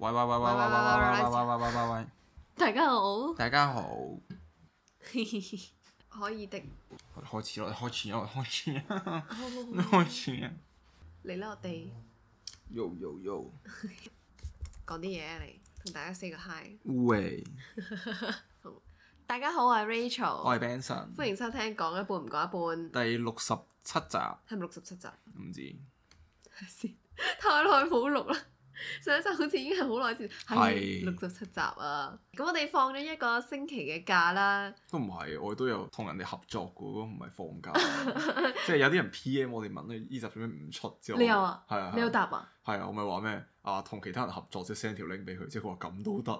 喂喂喂喂喂喂喂喂喂喂喂喂，大家好！大家好，可以的。開始咯，開始啊，開始啊，開始啊。你咧，我哋。又又又，講啲嘢嚟！你同大家 say 個 hi。喂。大家好，我係 Rachel，我係 Benson，歡迎收聽講一半唔講一半第六十七集。係咪六十七集？唔知。睇下先，太耐冇錄啦。上一集好似已經係好耐前，係六十七集啊！咁我哋放咗一個星期嘅假啦。都唔係，我都有同人哋合作過，唔係放假。 即係有啲人 PM 我哋問佢，呢集做咩唔出之後？你有啊？係啊，你有答啊？係啊，我咪話咩啊？同其他人合作即係 send 條 link 俾佢，即係佢話咁都得。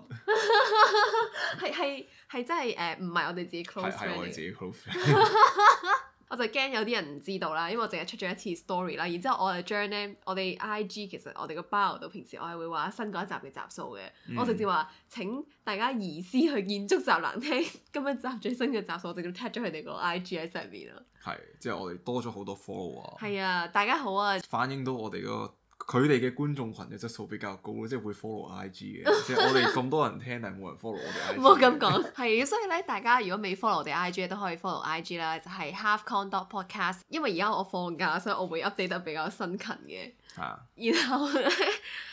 係係係真係誒，唔、呃、係我哋自己 close 嘅。係我哋自己 close。 我就驚有啲人唔知道啦，因為我淨係出咗一次 story 啦，然之後我就將咧我哋 IG 其實我哋個 bio 度平時我係會話新嗰一集嘅集數嘅，嗯、我直接話請大家移師去建築集難聽，今日集最新嘅集數，直接 tag 咗佢哋個 IG 喺上面啦。係，即係我哋多咗好多 follow 啊。係啊，大家好啊。反映到我哋嗰個。佢哋嘅觀眾群嘅質素比較高，即係會 follow IG 嘅，即係 我哋咁多人聽，但係冇人 follow 我哋 IG。唔好咁講，係， 所以咧，大家如果未 follow 我哋 IG，都可以 follow IG 啦，就係 HalfKong dot podcast。因為而家我放假，所以我會 update 得比較新近嘅。係啊，然後咧。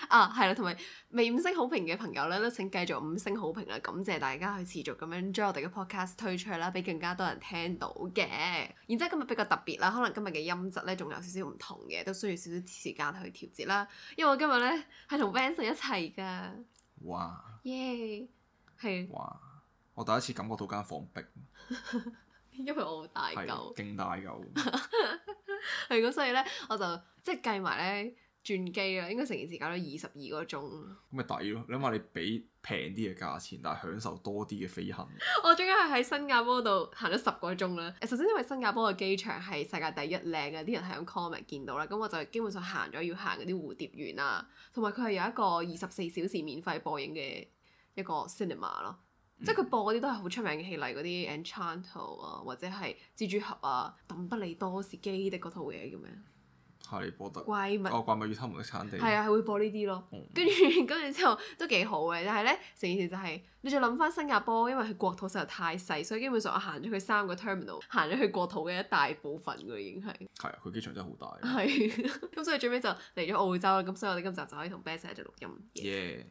啊，係啦，同埋未五星好評嘅朋友咧，都請繼續五星好評啦！感謝大家去持續咁樣將我哋嘅 podcast 推出去啦，俾更加多人聽到嘅。然之後今日比較特別啦，可能今日嘅音質咧仲有少少唔同嘅，都需要少少時間去調節啦。因為我今日咧係同 v i n s o n 一齊噶。哇！耶、yeah！係。哇！我第一次感覺到間房逼， 因為我好大嚿，勁大嚿。係咁，所以咧我就即係計埋咧。轉機啦，應該成件事搞咗二十二個鐘，咁咪抵咯！你諗下你俾平啲嘅價錢，但係享受多啲嘅飛行。 我終於係喺新加坡度行咗十個鐘啦，誒，首先因為新加坡嘅機場係世界第一靚嘅，啲人喺 comment 見到啦，咁我就基本上行咗要行嗰啲蝴蝶園啊，同埋佢係有一個二十四小時免費播映嘅一個 cinema 咯，嗯、即係佢播嗰啲都係好出名嘅戲，嚟，嗰啲 Enchanto 啊，或者係蜘蛛俠啊，鄧不利多士基的嗰套嘢叫咩？哈利波特。啊、怪物哦，怪物與他們的產地。係啊，係會播呢啲咯。跟住、嗯然後，跟住之後都幾好嘅，但係咧，成件事就係、是、你再諗翻新加坡，因為佢國土實在太細，所以基本上我行咗佢三個 terminal，行咗去國土嘅一大部分㗎，已經係。係啊，佢機場真係好大。係是、啊，咁、 嗯、所以最尾就嚟咗澳洲啦。咁所以我哋今集就可以同 Ben 仔做錄音。y Yeah.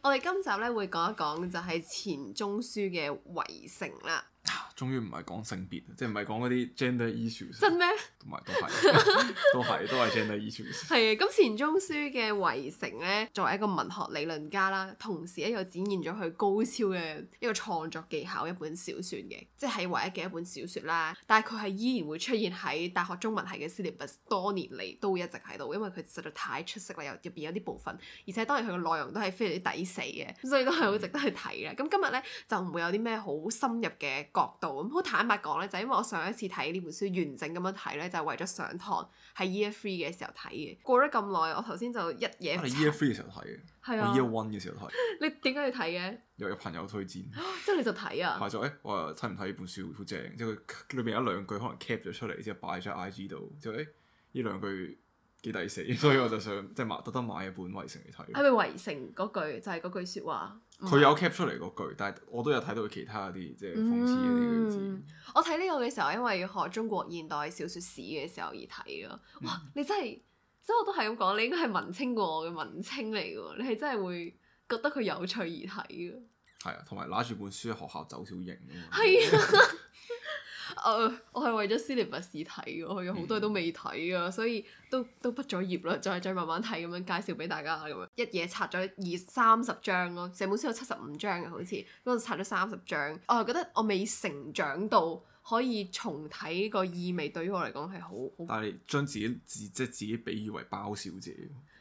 我哋今集咧會講一講就係錢鍾書嘅圍城啦。 終於唔係講性別，即係唔係講嗰啲 gender issues。真咩？同埋都係，都係，都係，gender issues。係啊，咁錢鍾書嘅《圍城》咧，作為一個文學理論家啦，同時咧又展現咗佢高超嘅一個創作技巧，一本小説嘅，即係唯一嘅一本小説啦。但係佢係依然會出現喺大學中文系嘅 syllabus 多年嚟都一直喺度，因為佢實在太出色啦，入邊有啲部分，而且當然佢嘅內容都係非常之抵死嘅，所以都係好值得去睇嘅。咁、嗯、今日咧就唔會有啲咩好深入嘅角度。好坦白講咧，就係、因為我上一次睇呢本書完整咁樣睇咧，就係、係、為咗上堂喺 Year Three 嘅時候睇嘅。過咗咁耐，我頭先就一嘢。喺 Year Three 嘅時候睇嘅，係、啊、Year One 嘅時候睇。 你點解要睇嘅？又有朋友推薦，之 後你就睇啊。排咗誒，我睇唔睇呢本書好正，即係佢裏邊一兩句可能 cap 咗出嚟之後擺喺 IG 度，就誒呢兩句。幾抵死，所以我就想即係買，特登買一本《圍城》嚟睇。係咪《圍城》嗰句就係、是、嗰句說話？佢有 cap 出嚟嗰句，但係我都有睇到其他啲即係諷刺嗰啲句子。嗯、我睇呢個嘅時候，因為要學中國現代小說史嘅時候而睇咯。哇！嗯、你真係，即係我都係咁講，你應該係文青過我嘅文青嚟嘅喎。你係真係會覺得佢有趣而睇咯。係啊，同埋拿住本書喺學校走小型。係啊。 Uh，我係為咗《Clever》試睇㗎，我有好多嘢都未睇㗎，所以都都畢咗業啦，再再慢慢睇咁樣介紹俾大家咁樣，一嘢拆咗二三十張咯，成本書有七十五張嘅好似，嗰度拆咗三十張，我係覺得我未成長到可以重睇個意味，對於我嚟講係好。好，但係你將自己自即係自己比喻為包小姐，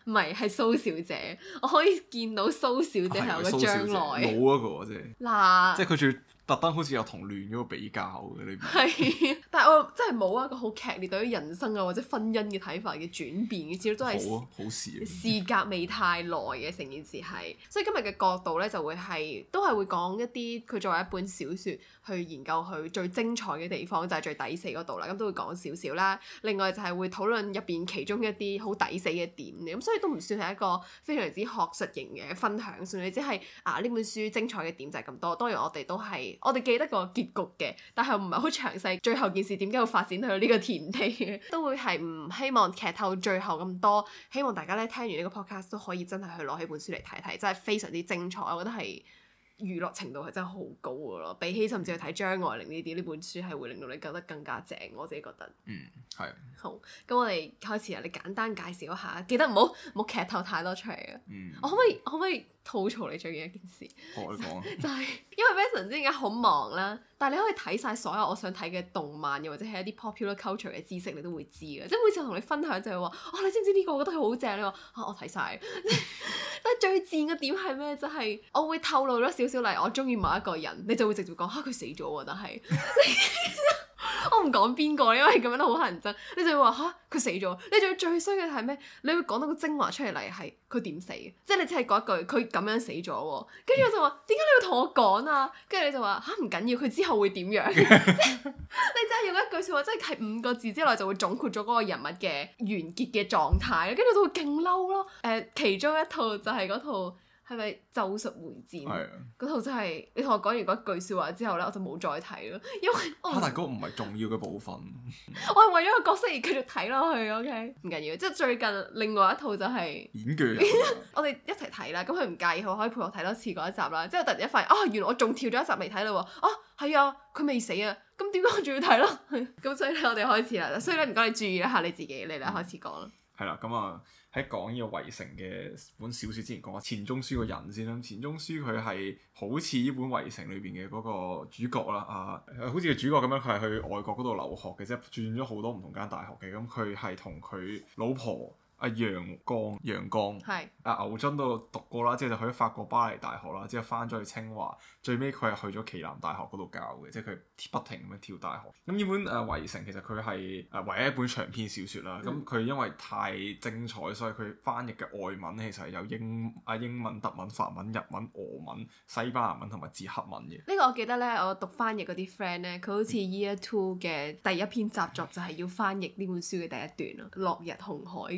唔係係蘇小姐，我可以見到蘇小姐喺個將來冇、啊、一個啫、就是。嗱啦，即係佢最。特登好似有同亂咗個比較嘅呢邊，係， 但係我真係冇一個好劇烈對於人生啊或者婚姻嘅睇法嘅轉變嘅，始終都係好啊，好事啊 時，隔未太耐嘅成件事係，所以今日嘅角度呢，就會係都係會講一啲佢作為一本小說去研究佢最精彩嘅地方就係、是、最抵死嗰度啦，咁都會講少少啦。另外就係會討論入邊其中一啲好抵死嘅點嘅，咁所以都唔算係一個非常之學術型嘅分享，算你只係啊呢本書精彩嘅點就係咁多。當然我哋都係。我哋記得個結局嘅，但係唔係好詳細。最後件事點解會發展到呢個田地嘅，都會係唔希望劇透最後咁多。希望大家咧聽完呢個 podcast 都可以真係去攞起本書嚟睇睇，真係非常之精彩。我覺得係娛樂程度係真係好高噶咯。比起甚至去睇張愛玲呢啲呢本書，係會令到你覺得更加正。我自己覺得，嗯，係。好，咁我哋開始啊！你簡單介紹一下，記得唔好唔好劇透太多出嚟啊、嗯！我可唔可以？可唔可以？吐槽你最近一件事，我就係、係就係、因為 Benson 之然間好忙啦，但係你可以睇晒所有我想睇嘅動漫，又或者係一啲 popular culture 嘅知識，你都會知嘅。即係每次我同你分享就係、係、話，哦，你知唔知呢個？我覺得佢好正，你話嚇、啊、我睇晒。」 但係最賤嘅點係咩？就係、係、我會透露咗少少，例如，我中意某一個人，你就會直接講吓，佢死咗喎。但係。 我唔講邊個，因為咁樣都好乞人憎。你就會話吓，佢死咗，你仲要最衰嘅係咩？你會講到個精華出嚟，嚟係佢點死嘅，即係你只係講一句佢咁樣死咗喎。跟住我就話，點解你要同我講啊？跟住你就話吓，唔緊要，佢之後會點樣？ 你真係用一句說話，真係喺五個字之內就會總括咗嗰個人物嘅完結嘅狀態。跟住就會勁嬲咯。誒、呃，其中一套就係嗰套。係咪咒術迴戰？嗰的套真、就、係、是、你同我講完嗰句說話之後呢，我就冇再睇咯，因為我唔哈，嗰個唔係重要嘅部分。 我係為咗個角色而繼續睇落去，OK？唔緊要，即係最近另外一套就係、是、演劇。 我哋一齊睇啦，咁佢唔介意，佢可以陪我睇多次嗰一集啦。即係突然間發現，啊，原來我仲跳咗一集未睇嘞喎，啊，係啊，佢未死啊，咁點解我仲要睇咯？咁 所以呢，我哋開始啦。所以呢，唔該你注意一下你自己，你嚟開始講。嗯係啦，咁啊喺講呢個圍城嘅本小説之前，講下錢鍾書個人先啦。錢鍾書佢係好似呢本圍城裏邊嘅嗰個主角啦，啊，嗯、好似個主角咁樣，佢係去外國嗰度留學嘅，即係轉咗好多唔同間大學嘅。咁佢係同佢老婆。阿楊光，楊光，係阿是、啊、牛津都讀過啦，之後就去咗法國巴黎大學啦，之後翻咗去清華，最尾佢係去咗暨南大學嗰度教嘅，即係佢不停咁樣跳大學。咁呢本《誒圍城》，其實佢係唯一一本長篇小説啦。咁佢、嗯、因為太精彩，所以佢翻譯嘅外文其實係有英、阿、啊、英文、德文、法文、日文、俄文、西班牙文同埋捷克文嘅。呢個我記得咧，我讀翻譯嗰啲 friend 咧，佢好似 Year Two 嘅第一篇習作就係要翻譯呢本書嘅第一段咯，嗯《落 日紅海》。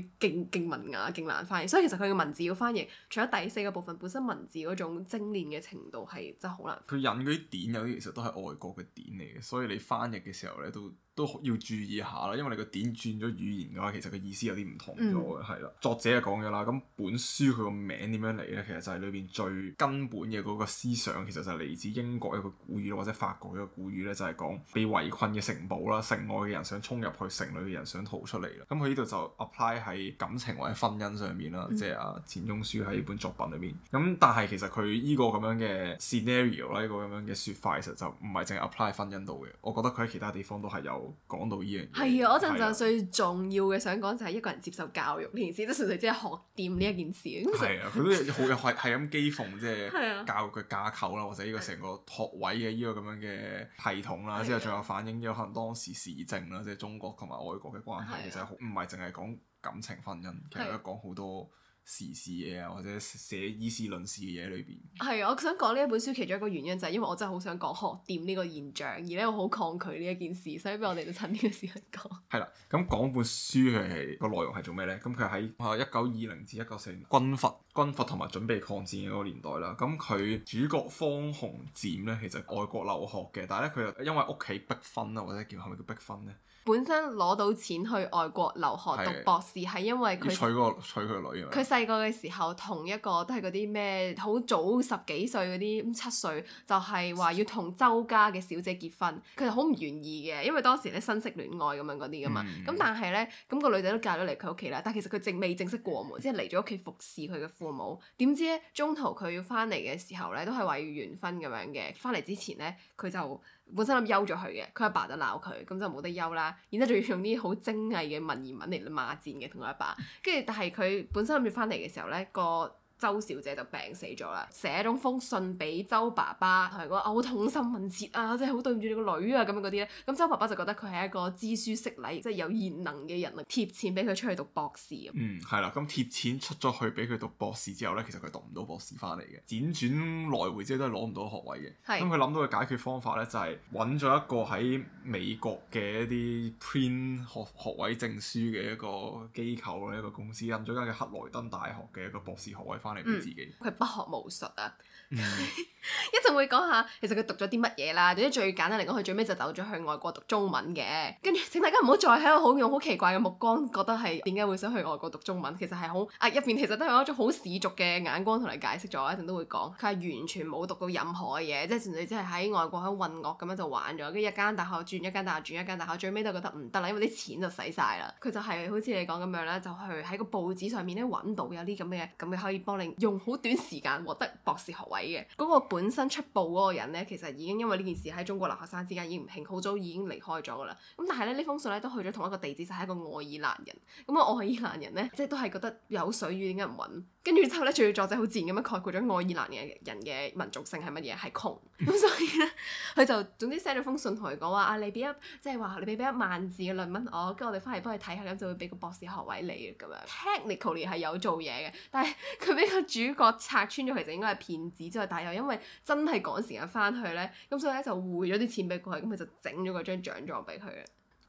勁文雅，勁難翻譯，所以其實佢嘅文字要翻譯，除咗第四個部分本身文字嗰種精煉嘅程度係真係好難。佢引嗰啲典有啲其實都係外國嘅典嚟嘅，所以你翻譯嘅時候呢都。都要注意下啦，因為你個點轉咗語言嘅話，其實個意思有啲唔同咗，嘅、嗯。係啦。作者係講嘅啦，咁本書佢個名點樣嚟呢？其實就係裏邊最根本嘅嗰個思想，其實就係嚟自英國一個古語，或者法國一個古語呢，就係、是、講被圍困嘅城堡啦，城外嘅人想衝入去，城裏嘅人想逃出嚟啦。咁佢呢度就 apply 喺感情或者婚姻上面啦，嗯、即係啊，錢鍾書喺呢本作品裏邊。咁但係其實佢呢個咁樣嘅 scenario 啦，呢個咁樣嘅説法，其實就唔係淨係 apply 喺婚姻度嘅。我覺得佢喺其他地方都係有。講到依樣嘢，係啊！我陣就最重要嘅想講就係一個人接受教育，呢件、啊、事都純粹即係學掂呢一件事。係啊，佢 都好又係係咁諷刺即係教育嘅架構啦，啊、或者呢個成個學位嘅呢個咁樣嘅系統啦，啊、之後仲有反映咗可能當時時政啦，即、就、係、係、中國同埋外國嘅關係，啊、其實唔係淨係講感情婚姻，啊、其實都講好多。時事嘢啊，或者寫以事論事嘅嘢裏邊，係啊，我想講呢一本書其中一個原因就係因為我真係好想講學掂呢個現象，而咧我好抗拒呢一件事，所以俾我哋就趁呢個時候講。係啦， 咁講本書嘅係個內容係做咩呢？咁佢喺一九二零至一九四零軍閥、軍閥同埋準備抗戰嘅個年代啦。咁佢主角方鴻漸呢，其實外國留學嘅，但係咧佢又因為屋企逼婚啊，或者叫係咪叫逼婚呢？本身攞到錢去外國留學的讀博士，係因為佢娶個佢女啊。佢細個嘅時候同一個都係嗰啲咩好早十幾歲嗰啲咁七歲就係、是、話要同周家嘅小姐結婚，佢就好唔願意嘅，因為當時咧新式戀愛咁樣嗰啲噶嘛。咁、嗯、但係咧咁個女仔都嫁咗嚟佢屋企啦，但其實佢正未正式過門，即係嚟咗屋企服侍佢嘅父母。點知中途佢要翻嚟嘅時候咧，都係話要完婚咁樣嘅。翻嚟之前咧，佢就。本身諗休咗佢嘅，佢阿爸就鬧佢，咁就冇得休啦。然之後仲要用啲好精藝嘅文言文嚟罵戰嘅同佢阿爸，跟住但係佢本身諗住翻嚟嘅時候咧，呢個。周小姐就病死咗啦，寫咗封信俾周爸爸，同人講我好痛心疾切啊，真係好對唔住你個女啊咁嗰啲咧。咁周爸爸就覺得佢係一個知書識禮，即係有賢能嘅人，貼錢俾佢出去讀博士。嗯，係啦。咁貼錢出咗去俾佢讀博士之後咧，其實佢讀唔到博士翻嚟嘅，輾轉來回即係都攞唔到學位嘅。咁佢諗到嘅解決方法咧，就係揾咗一個喺美國嘅一啲 print 學學位證書嘅一個機構咧，一個公司，印咗間叫克萊登大學嘅一個博士學位翻嚟俾自己、嗯，佢不學無術啊！ 一陣會講下，其實佢讀咗啲乜嘢啦。總之最簡單嚟講，佢最尾就走咗去外國讀中文嘅。跟住請大家唔好再喺度好用好奇怪嘅目光，覺得係點解會想去外國讀中文？其實係好啊，入面其實都係有一種好世俗嘅眼光同你解釋咗。一陣都會講，佢係完全冇讀過任何嘢，即係純粹只係喺外國喺混樂咁樣就玩咗，跟住一間大學轉一間大學轉一間大學，最尾都覺得唔得啦，因為啲錢就使晒啦。佢就係好似你講咁樣啦，就去、是、喺個報紙上面咧揾到有啲咁嘅，咁嘅可以幫你用好短時間獲得博士學位。嘅嗰個本身出報嗰個人咧，其實已經因為呢件事喺中國留學生之間已經唔興，好早已經離開咗噶啦。咁但係咧，呢封信咧都去咗同一個地址，就係、是、一個愛爾蘭人。咁、嗯、啊，愛爾蘭人咧，即係都係覺得有水魚點解唔揾？跟住之後咧，仲要作者好自然咁樣概括咗愛爾蘭人嘅人嘅民族性係乜嘢，係窮。咁、 嗯、所以咧，佢就總之寫咗封信同佢講話：啊，你俾一即係話你俾俾一萬字嘅論文、哦、我看看，跟住我哋翻嚟幫你睇下，咁就會俾個博士學位你咁樣。Technically 係有做嘢嘅，但係佢俾個主角拆穿咗，其實應該係騙子。之後，但又因為真係趕時間翻去咧，咁所以咧就匯咗啲錢俾佢，咁佢就整咗嗰張獎狀俾佢。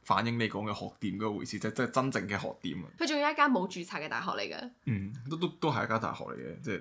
反映你講嘅學店嗰個回事，即係即係真正嘅學店啊！佢仲有一間冇註冊嘅大學嚟嘅，嗯，都都都係一間大學嚟嘅，即係，誒，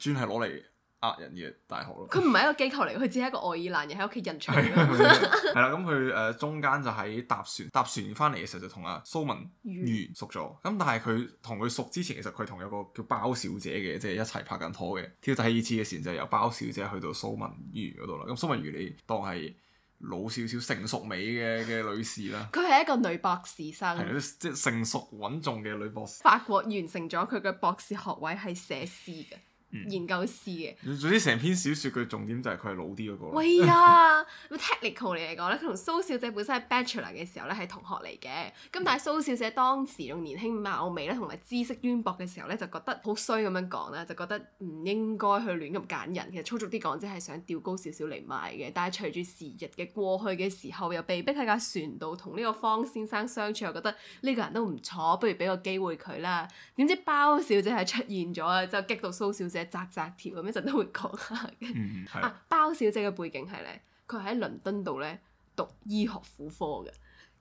專係攞嚟。呃、啊、人嘅大學咯，佢唔係一個機構嚟，佢只係一個愛爾蘭人喺屋企認場。係啦，咁佢誒中間就喺搭船搭船翻嚟嘅時候就同阿蘇文瑜熟咗。咁魚但係佢同佢熟之前，其實佢同有個叫包小姐嘅，即係一齊拍緊拖嘅。跳第二次嘅時就由包小姐去到蘇文瑜嗰度啦。咁蘇文瑜，你當係老少少成熟美嘅嘅女士啦。佢係一個女博士生，即係成熟穩重嘅女博士。法國完成咗佢嘅博士學位，係寫詩嘅。嗯、研究師嘅，總之成篇小說佢重點就係佢係老啲嗰個。喂啊，technical 嚟講咧，佢同 蘇小姐本身係 bachelor 嘅時候咧係同學嚟嘅。咁但係蘇小姐當時仲年輕貌美咧，同埋知識淵博嘅時候呢就覺得好衰咁樣講啦，就覺得唔應該去亂咁揀人。其實粗俗啲講，即係想吊高少少嚟賣嘅。但係隨住時日嘅過去嘅時候，又被逼喺架船度同呢個方先生相處，又覺得呢個人都唔錯，不如俾個機會佢啦。點知包小姐係出現咗，就激到蘇小姐。雜雜條咁一陣都會講下嘅，嗯、啊，包小姐嘅背景係咧，佢喺倫敦度咧讀醫學婦科嘅，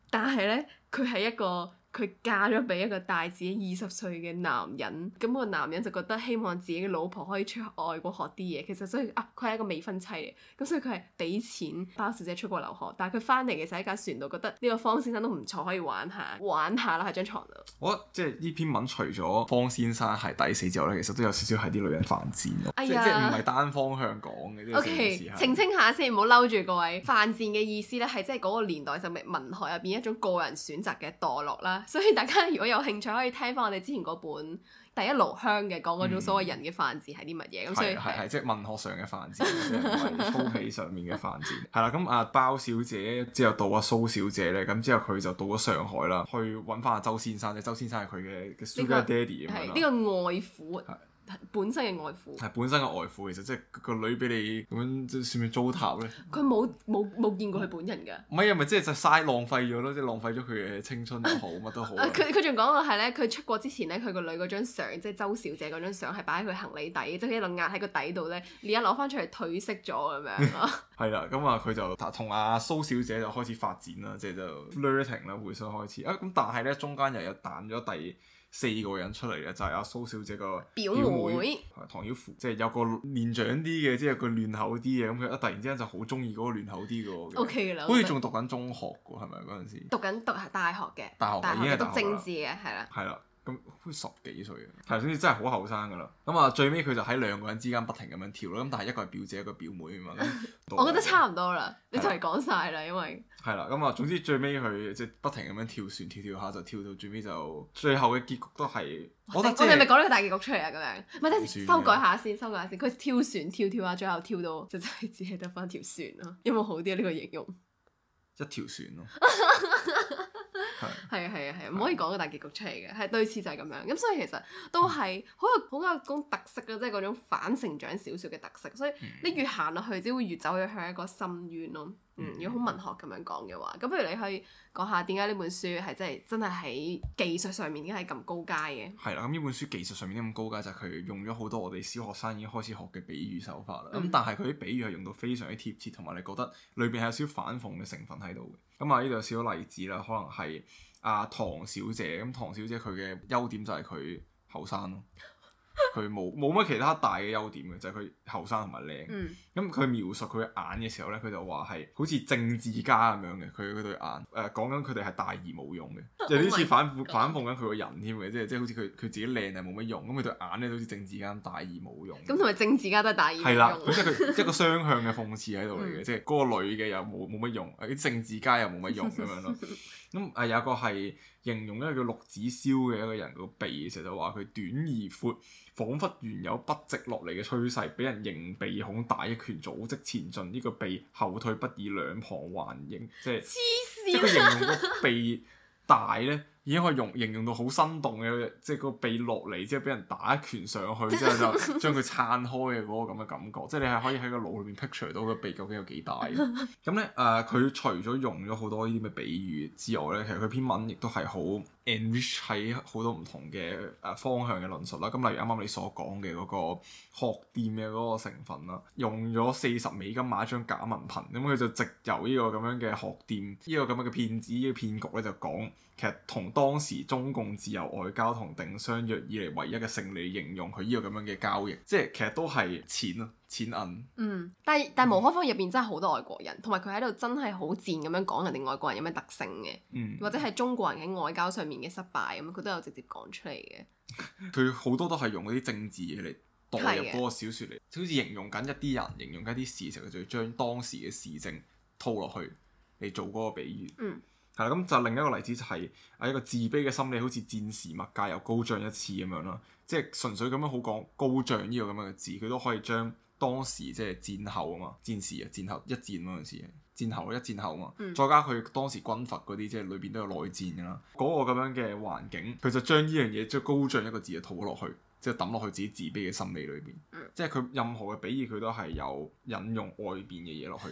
但係咧佢係一個。佢嫁咗俾一個大自己二十歲嘅男人，咁、那個男人就覺得希望自己嘅老婆可以出去外國學啲嘢。其實所以，佢、啊、係一個未婚妻嚟，咁所以佢係俾錢包小姐出國留學。但係佢翻嚟嘅時候喺架船度，覺得呢個方先生都唔錯，可以玩下玩下啦喺張床度。我覺得即係呢篇文除咗方先生係抵死之後咧，其實都有少少係啲女人犯賤，哎、呀即係唔係單方向講嘅。O Okay , K，澄清下先，唔好嬲住各位。犯賤嘅意思咧，係即係嗰個年代就係文學入邊一種個人選擇嘅墮落啦。所以大家如果有興趣，可以聽翻我哋之前嗰本《第一爐香》嘅，講嗰種所謂人嘅犯賤係啲乜嘢。咁、嗯、所以係係即係文學上嘅犯賤，同埋風氣上面嘅犯賤。係啦， 咁阿、啊、包小姐之後到阿蘇小姐咧，咁之後佢就到咗上海啦，去揾翻阿周先生。即係周先生係佢嘅 sugar daddy，係呢、這個、個外父。本身嘅外父係本身嘅外父，其實即係個女俾你咁樣算算，即算唔算糟蹋咧？佢冇冇冇見過佢本人㗎。唔係啊，咪即係就嘥浪費咗咯，即係浪費咗佢嘅青春好，乜都好。佢佢仲講過係咧，佢出國之前咧，佢個女嗰張相，即係周小姐嗰張相，係擺喺佢行李底，即係一路壓喺個底度咧，你一攞翻出嚟褪色咗咁樣咯。係啦， 咁啊，佢就同阿蘇小姐就開始發展啦，即係就 flirting 啦，互相開始。啊，咁但係咧，中間又有彈咗第四個人出嚟嘅就係、是、阿、啊、蘇小姐個表妹、表妹啊、唐曉芙，即係有個年長啲嘅，即係佢嫩口啲嘅，咁佢一突然之間就好中意嗰個嫩口啲嘅。O、okay、K 了好似仲讀緊中學喎，係咪嗰陣時？讀緊讀大學嘅，大學已經係大學讀政治嘅，係啦。係啦、嗯。咁十幾歲啊，頭先真係好後生噶啦。咁啊，最尾佢就喺兩個人之間不停咁樣跳咯。咁但係一個係表姐，一個表妹啊嘛。 我覺得差唔多啦，了你就係講晒啦，因為係啦。咁啊，總之最尾佢即係不停咁樣跳船，跳跳下就跳到最尾就最後嘅結局都係哇我哋我哋係咪講咗個大結局出嚟啊？咁樣咪，係等陣修改下先，修改下先。佢跳船，跳，船跳跳下，最後跳到就真係只係得翻條船咯。有冇好啲呢，啊這個形容？一條船咯。 係係啊，係啊，唔可以講個大結局出嚟嘅，係的類似就係咁樣。咁所以其實都係好有好有種特色嘅，即係嗰種反成長少少嘅特色。所以你越行落去，嗯、只會越走越向一個深淵咯。嗯，如果好文學咁樣講嘅話，咁、嗯、不如你可以講下點解呢本書係真係真係喺技術上面已經係咁高階嘅。係啦，咁呢本書技術上面已經咁高階就係佢用咗好多我哋小學生已經開始學嘅比喻手法啦。咁、嗯、但係佢啲比喻係用到非常之貼切，同埋你覺得裏邊係有少少反諷嘅成分喺度嘅。咁啊，呢度有少少例子啦，可能係阿、啊、唐小姐。咁唐小姐佢嘅優點就係佢後生咯。佢冇冇乜其他大嘅優點嘅，就係佢後生同埋靚。咁佢、嗯嗯、描述佢眼嘅時候咧，佢就話係好似政治家咁樣嘅，佢佢對眼誒講緊佢哋係大而無用嘅，即係呢次反反諷緊佢個人添嘅，即係即係好似佢佢自己靚係冇乜用，咁佢對眼咧好似政治家大而無用。咁同埋政治家都係大而無用。係啦、嗯嗯，即係佢一個雙向嘅諷刺喺度嚟嘅，即係嗰個女嘅又冇冇乜用，啲政治家又冇乜用咁樣咯。 咁啊、嗯、有個係形容一個叫陸子瀟嘅一個人，一個鼻，成日就話佢短而闊，彷彿原有筆直落嚟嘅趨勢，俾人形鼻孔大一拳組織前進呢、呢個鼻後退不已，兩旁環形，即係即係佢形容個鼻大咧。 已經可以用形容到好生動嘅，即係個鼻落嚟之後，俾人打一拳上去之後， 即係就是將佢撐開嘅嗰個咁嘅感覺。即係你係可以喺個腦入面 picture 到個鼻究竟有幾大。咁呢、 嗯，誒、呃、佢除咗用咗好多呢啲嘅比喻之外呢，其實佢篇文亦都係好 enrich 喺好多唔同嘅誒、呃、方向嘅論述啦。咁例如啱啱你所講嘅嗰個學店嘅嗰個成分啦，用咗四十美金買一張假文憑，咁、嗯、佢就直由呢個咁樣嘅學店，呢、這個咁樣嘅騙子，呢、這個騙局呢就講。其實同當時中共自由外交同定相約以嚟唯一嘅勝利，形容佢呢個咁樣嘅交易，即係其實都係錢啊，錢銀。錢，嗯，但係但係無可否認，入邊真係好多外國人，同埋佢喺度真係好賤咁樣講人哋外國人有咩特性嘅，嗯、或者係中國人喺外交上面嘅失敗咁，佢都有直接講出嚟嘅。佢好 多都係用嗰啲政治嘢嚟代入嗰個小説嚟，好似的形容緊一啲人，形容緊一啲事情，佢就將當時嘅時政套落去嚟做嗰個比喻。嗯。係啦，咁就另一個例子就係啊一個自卑嘅心理，好似戰時物價又高漲一次咁樣咯，即係純粹咁樣好講高漲呢個咁樣嘅字，佢都可以將當時即係戰後啊嘛，戰時啊戰後一戰嗰陣時，戰後一戰後啊嘛，嗯、再加佢當時軍閥嗰啲，即係裏邊都有內戰㗎啦，嗰、嗰個咁樣嘅環境，佢就將呢樣嘢即係高漲一個字啊套落去，即係抌落去自己自卑嘅心理裏邊，嗯、即係佢任何嘅比喻佢都係有引用外邊嘅嘢落去。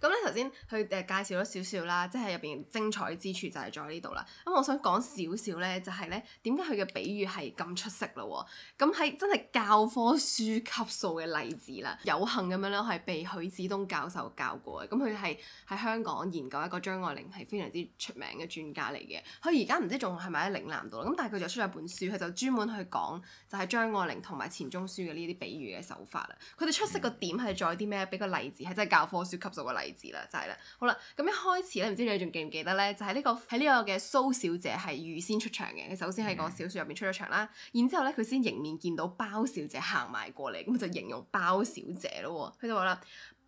咁咧頭先佢誒介紹咗少少啦，即係入邊精彩之處就係在呢度啦。咁我想講少少咧，就係咧點解佢嘅比喻係咁出色咯？咁喺真係教科書級數嘅例子啦，有幸咁樣咧係被許子東教授教過嘅。咁佢係喺香港研究一個張愛玲係非常之出名嘅專家嚟嘅。佢而家唔知仲係咪喺嶺南度啦。咁但係佢就出咗本書，佢就專門去講就係張愛玲同埋錢鍾書嘅呢啲比喻嘅手法啦。佢哋出色個點係在啲咩？俾個例子係真係教科書級數嘅例子。啦，就係啦，好啦，咁一開始咧，唔知你仲記唔記得咧？就係呢個喺呢個嘅蘇小姐係預先出場嘅，佢首先喺個小説入面出咗場啦，然之後咧佢先迎面見到包小姐行埋過嚟，咁就形容包小姐咯，佢就話啦，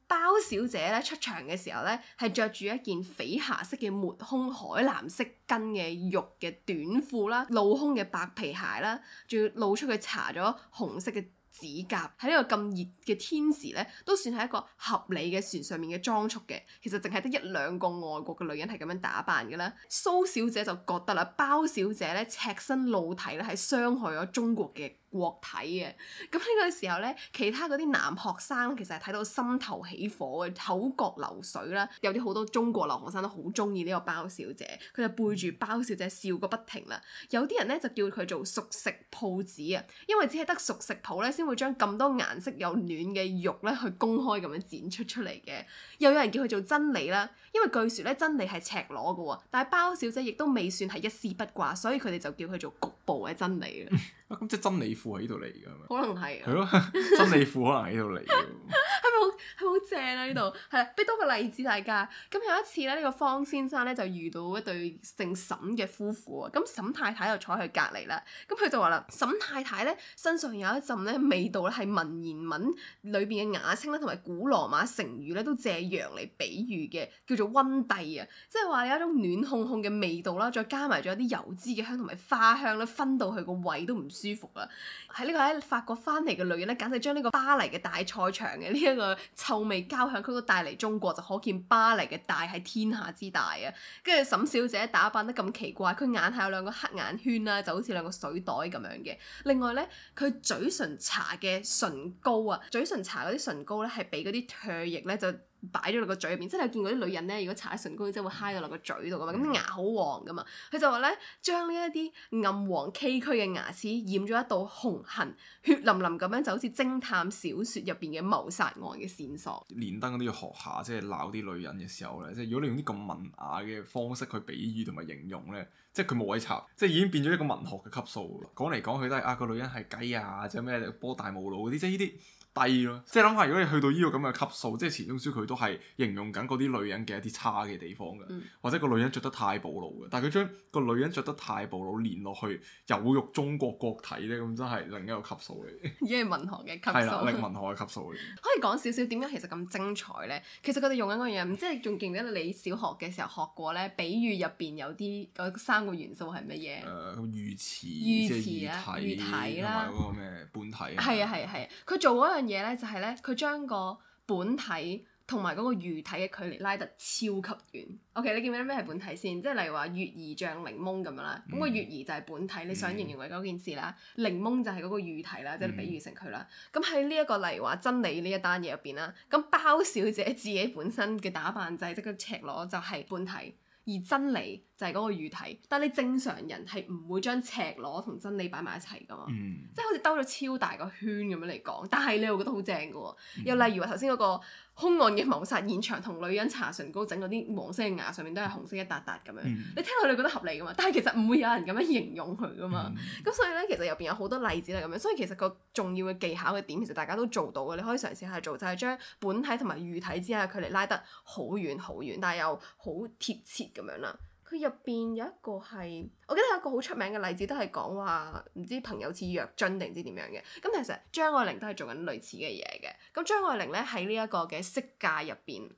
包小姐咧出場嘅時候咧，係着住一件緋霞色嘅抹胸、海藍色跟嘅肉嘅短褲啦，露胸嘅白皮鞋啦，仲要露出佢搽咗紅色嘅。指甲喺呢個咁熱嘅天時呢，都算係一個合理嘅船上面嘅裝束嘅。其實淨係得一兩個外國嘅女人係咁樣打扮嘅啦。蘇小姐就覺得啦，包小姐呢，赤身露體呢，係傷害咗中國嘅國體嘅，咁呢個時候呢，其他嗰啲男學生其實係睇到心頭起火嘅，口角流水啦，有啲好多中國留學生都好中意呢個包小姐，佢就背住包小姐笑個不停啦。有啲人呢，就叫佢做熟食鋪子啊，因為只係得熟食鋪呢，先會將咁多顏色有暖嘅肉呢去公開咁樣展出出嚟嘅。又有人叫佢做真理啦，因為據說呢，「真理係赤裸㗎，但係包小姐亦都未算係一絲不掛，所以佢哋就叫佢做焗」。步嘅真理啦，咁、 啊、即係真理褲喺呢度嚟噶，可能係、啊，咯， 真理褲可能喺度嚟。 係好正啊！呢度係啦，俾多個例子大家。咁有一次咧，呢個方先生咧就遇到一對姓沈嘅夫婦啊。咁沈太太就坐喺佢隔離啦。咁佢就話啦，沈太太咧身上有一陣咧味道咧，係文言文裏邊嘅雅稱咧，同埋古羅馬成語咧都借羊嚟比喻嘅，叫做温帝啊。即係話有一種暖烘烘嘅味道啦，再加埋咗啲油脂嘅香同埋花香咧，分到佢個胃都唔舒服啦。喺、這、呢個喺法國翻嚟嘅女人咧，簡直將呢個巴黎嘅大菜場嘅呢一個。呃、臭味交響曲都帶嚟中國，就可見巴黎嘅大係天下之大啊！跟住沈小姐打扮得咁奇怪，佢眼下有兩個黑眼圈啦，就好似兩個水袋咁樣嘅。另外呢，佢嘴唇搽嘅唇膏啊，嘴唇搽嗰啲唇膏呢，係俾嗰啲唾液咧就。擺咗落個嘴入邊，真係你見過啲女人呢，如果擦唇膏，即係會揩到落個嘴度嘅，嗯、嘛，咁牙好黃嘅嘛，佢就話呢，將呢一啲暗黃崎嶇嘅牙齒染咗一道紅痕，血淋淋咁樣，就好似偵探小説入邊嘅謀殺案嘅線索。連登都要學下，即係鬧啲女人嘅時候呢。即係如果你用啲咁文雅嘅方式去比喻同埋形容呢，即係佢冇位插，即係已經變咗一個文學嘅級數啦。講嚟講去都係啊個女人係雞啊，仲有咩波大無腦啲，即係呢啲。低咯，即係諗下，如果你去到呢個咁嘅級數，即係錢鍾書佢都係形容緊嗰啲女人嘅一啲差嘅地方嘅，嗯、或者個女人著得太暴露嘅，但係佢將個女人著得太暴露連落去有辱中國國體咧，咁真係另一個級數嚟。嘅。已經係文學嘅級數，係啦，文學嘅級數嚟。嘅。 可以講少少點解其實咁精彩咧？其實佢哋用緊嗰樣嘢，即係仲記唔記得你小學嘅時候學過咧？比喻入邊有啲三個元素係乜嘢？誒、呃，喻詞、喻詞、啊、喻體啦，同埋嗰個咩本體啊？係體啊，係啊，係啊的，佢的做嗰個。嘢咧就係咧，佢將個本體同埋嗰個喻體嘅距離拉得超級遠。OK，你記唔記得咩係本體先？即係例如話月兒像檸檬咁樣啦，咁個月兒就係本體，你想形容嗰件事啦，檸檬就係嗰個喻體啦，即係比喻成佢啦。咁喺呢一個例如話真理呢一單嘢入邊啦，咁包小姐自己本身嘅打扮就係即個赤裸，就係本體。而真理就係嗰個語體，但係你正常人係唔會將赤裸同真理擺埋一齊噶嘛，嗯、即係好似兜咗超大個圈咁樣嚟講，但係你又覺得好正嘅喎、哦。嗯、又例如話頭先嗰個。凶案嘅謀殺現場同女人搽唇膏整嗰啲黃色嘅牙上面都係紅色一笪笪咁樣，嗯、你聽落你覺得合理噶嘛？但係其實唔會有人咁樣形容佢噶嘛。咁、嗯、所以咧，其實入邊有好多例子係咁樣，所以其實個重要嘅技巧嘅點，其實大家都做到嘅，你可以嘗試下做，就係、是、將本體同埋喻體之間嘅距離拉得好遠好遠，但係又好貼切咁樣啦。佢入邊有一個係，我記得有一個好出名嘅例子，都係講話唔知朋友似藥樽定唔知點樣嘅。咁其實張愛玲都係做緊類似嘅嘢嘅。咁張愛玲咧，喺呢一個嘅色戒入邊。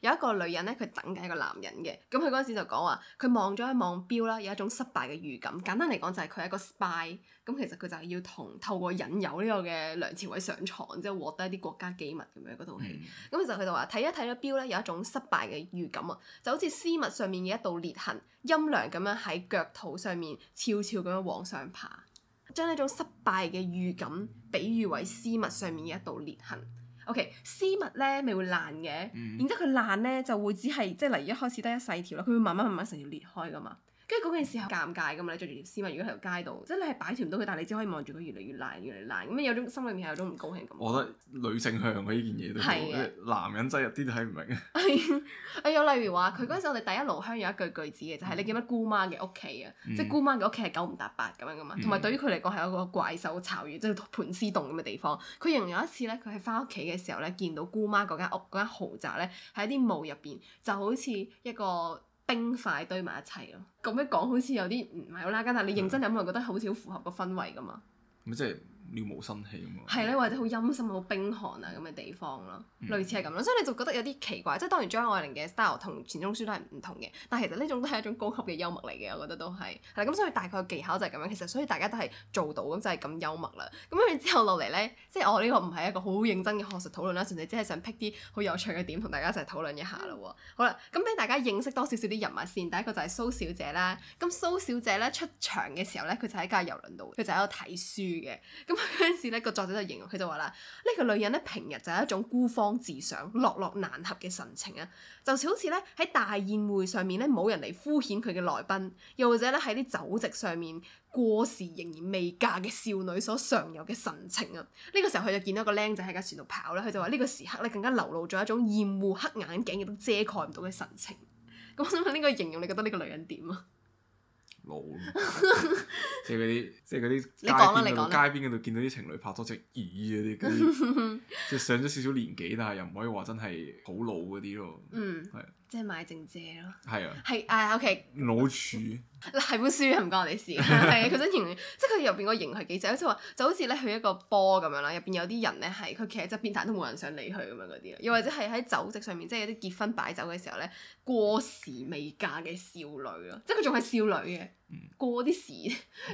有一個女人咧，佢等緊一個男人嘅，咁佢嗰陣時就講話，佢望咗一望表啦，有一種失敗嘅預感。簡單嚟講就係佢係一個 spy，咁其實佢就係要同透過引誘呢個嘅梁朝偉上床，之後獲得一啲國家機密咁樣嗰套戲。咁其實佢就話睇一睇咗表咧，有一種失敗嘅預感啊，就好似絲襪上面嘅一道裂痕，陰涼咁樣喺腳肚上面悄悄咁樣往上爬，將呢種失敗嘅預感比喻為絲襪上面嘅一道裂痕。O.K. 絲襪咧咪會爛嘅，嗯、然之後佢爛咧就會只係即係例如一開始得一細條啦，佢會慢慢慢慢成條裂開噶嘛。跟住嗰件事係尷尬噶嘛，你著住條絲襪，如果喺條街度，即係你係擺脫唔到佢，但係你只可以望住佢越嚟越爛，越嚟越爛，咁樣有種心裏面係有種唔高興嘅。我覺得女性向嘅呢件嘢，都是、啊、男人真係 有啲睇唔明。係啊，例如話，佢嗰陣時我哋第一爐香有一句句子嘅就係、是、你記唔記得姑媽嘅屋企啊，嗯、即係姑媽嘅屋企係九唔搭八咁樣噶嘛，同埋對於佢嚟講係一個怪獸巢穴，即係盤絲洞咁嘅地方。佢形容有一次咧，佢喺翻屋企嘅時候咧，見到姑媽嗰間屋嗰間豪宅咧，喺啲霧入邊就好似一個，冰塊堆埋一齊咯，咁樣講好似有啲唔係好拉家，但係你認真飲又覺得好似符合個氛圍㗎嘛。嗯、即了無生氣咁啊，係咧、嗯，或者好陰森、好、嗯、冰寒啊咁嘅地方咯，類似係咁咯，嗯、所以你就覺得有啲奇怪。即、就、係、是、當然張愛玲嘅 style 同錢鍾書都係唔同嘅，但係其實呢種都係一種高級嘅幽默嚟嘅，我覺得都係。係啦，咁所以大概技巧就係咁樣。其實所以大家都係做到咁就係、是、咁幽默啦。咁跟住之後落嚟咧，即係我呢個唔係一個好認真嘅學術討論啦，純粹只係想 pick 啲好有趣嘅點同大家一齊討論一下啦。好啦，咁俾大家認識多少少啲人物先。第一個就係蘇小姐啦。咁蘇小姐咧出場嘅時候咧，佢就喺架遊輪度，佢就喺度睇書嘅。咁嗰陣時咧，個作者就形容佢就話啦：呢個女人咧，平日就係一種孤芳自賞、落落難合嘅神情啊，就好似咧喺大宴會上面咧冇人嚟敷衍佢嘅來賓，又或者咧喺啲酒席上面過時仍然未嫁嘅少女所常有嘅神情啊。呢個時候佢就見到一個僆仔喺架船度跑啦，佢就話呢個時刻咧更加流露咗一種厭惡黑眼鏡亦都遮蓋唔到嘅神情。咁我想問呢個形容你覺得呢個女人點啊？老， 即係嗰啲， 即係嗰啲街邊嗰度，街邊嗰度見到啲情侶拍拖， 即係二嗰啲，即係上咗少少年紀，但係又唔可以話真係好老嗰啲咯。嗯，係。即係買剩蔗咯，係啊，係啊，O K，老鼠嗱係本書唔關我哋事，係 佢 真形容，即係佢入邊個形容係幾正，好似話就好似咧佢一個波咁樣啦，入邊有啲人咧係佢企喺側邊，但係都冇人想理佢咁樣嗰啲，又或者係喺酒席上面，即係有啲結婚擺酒嘅時候咧，過時未嫁嘅少女咯，即係佢仲係少女嘅。過啲事，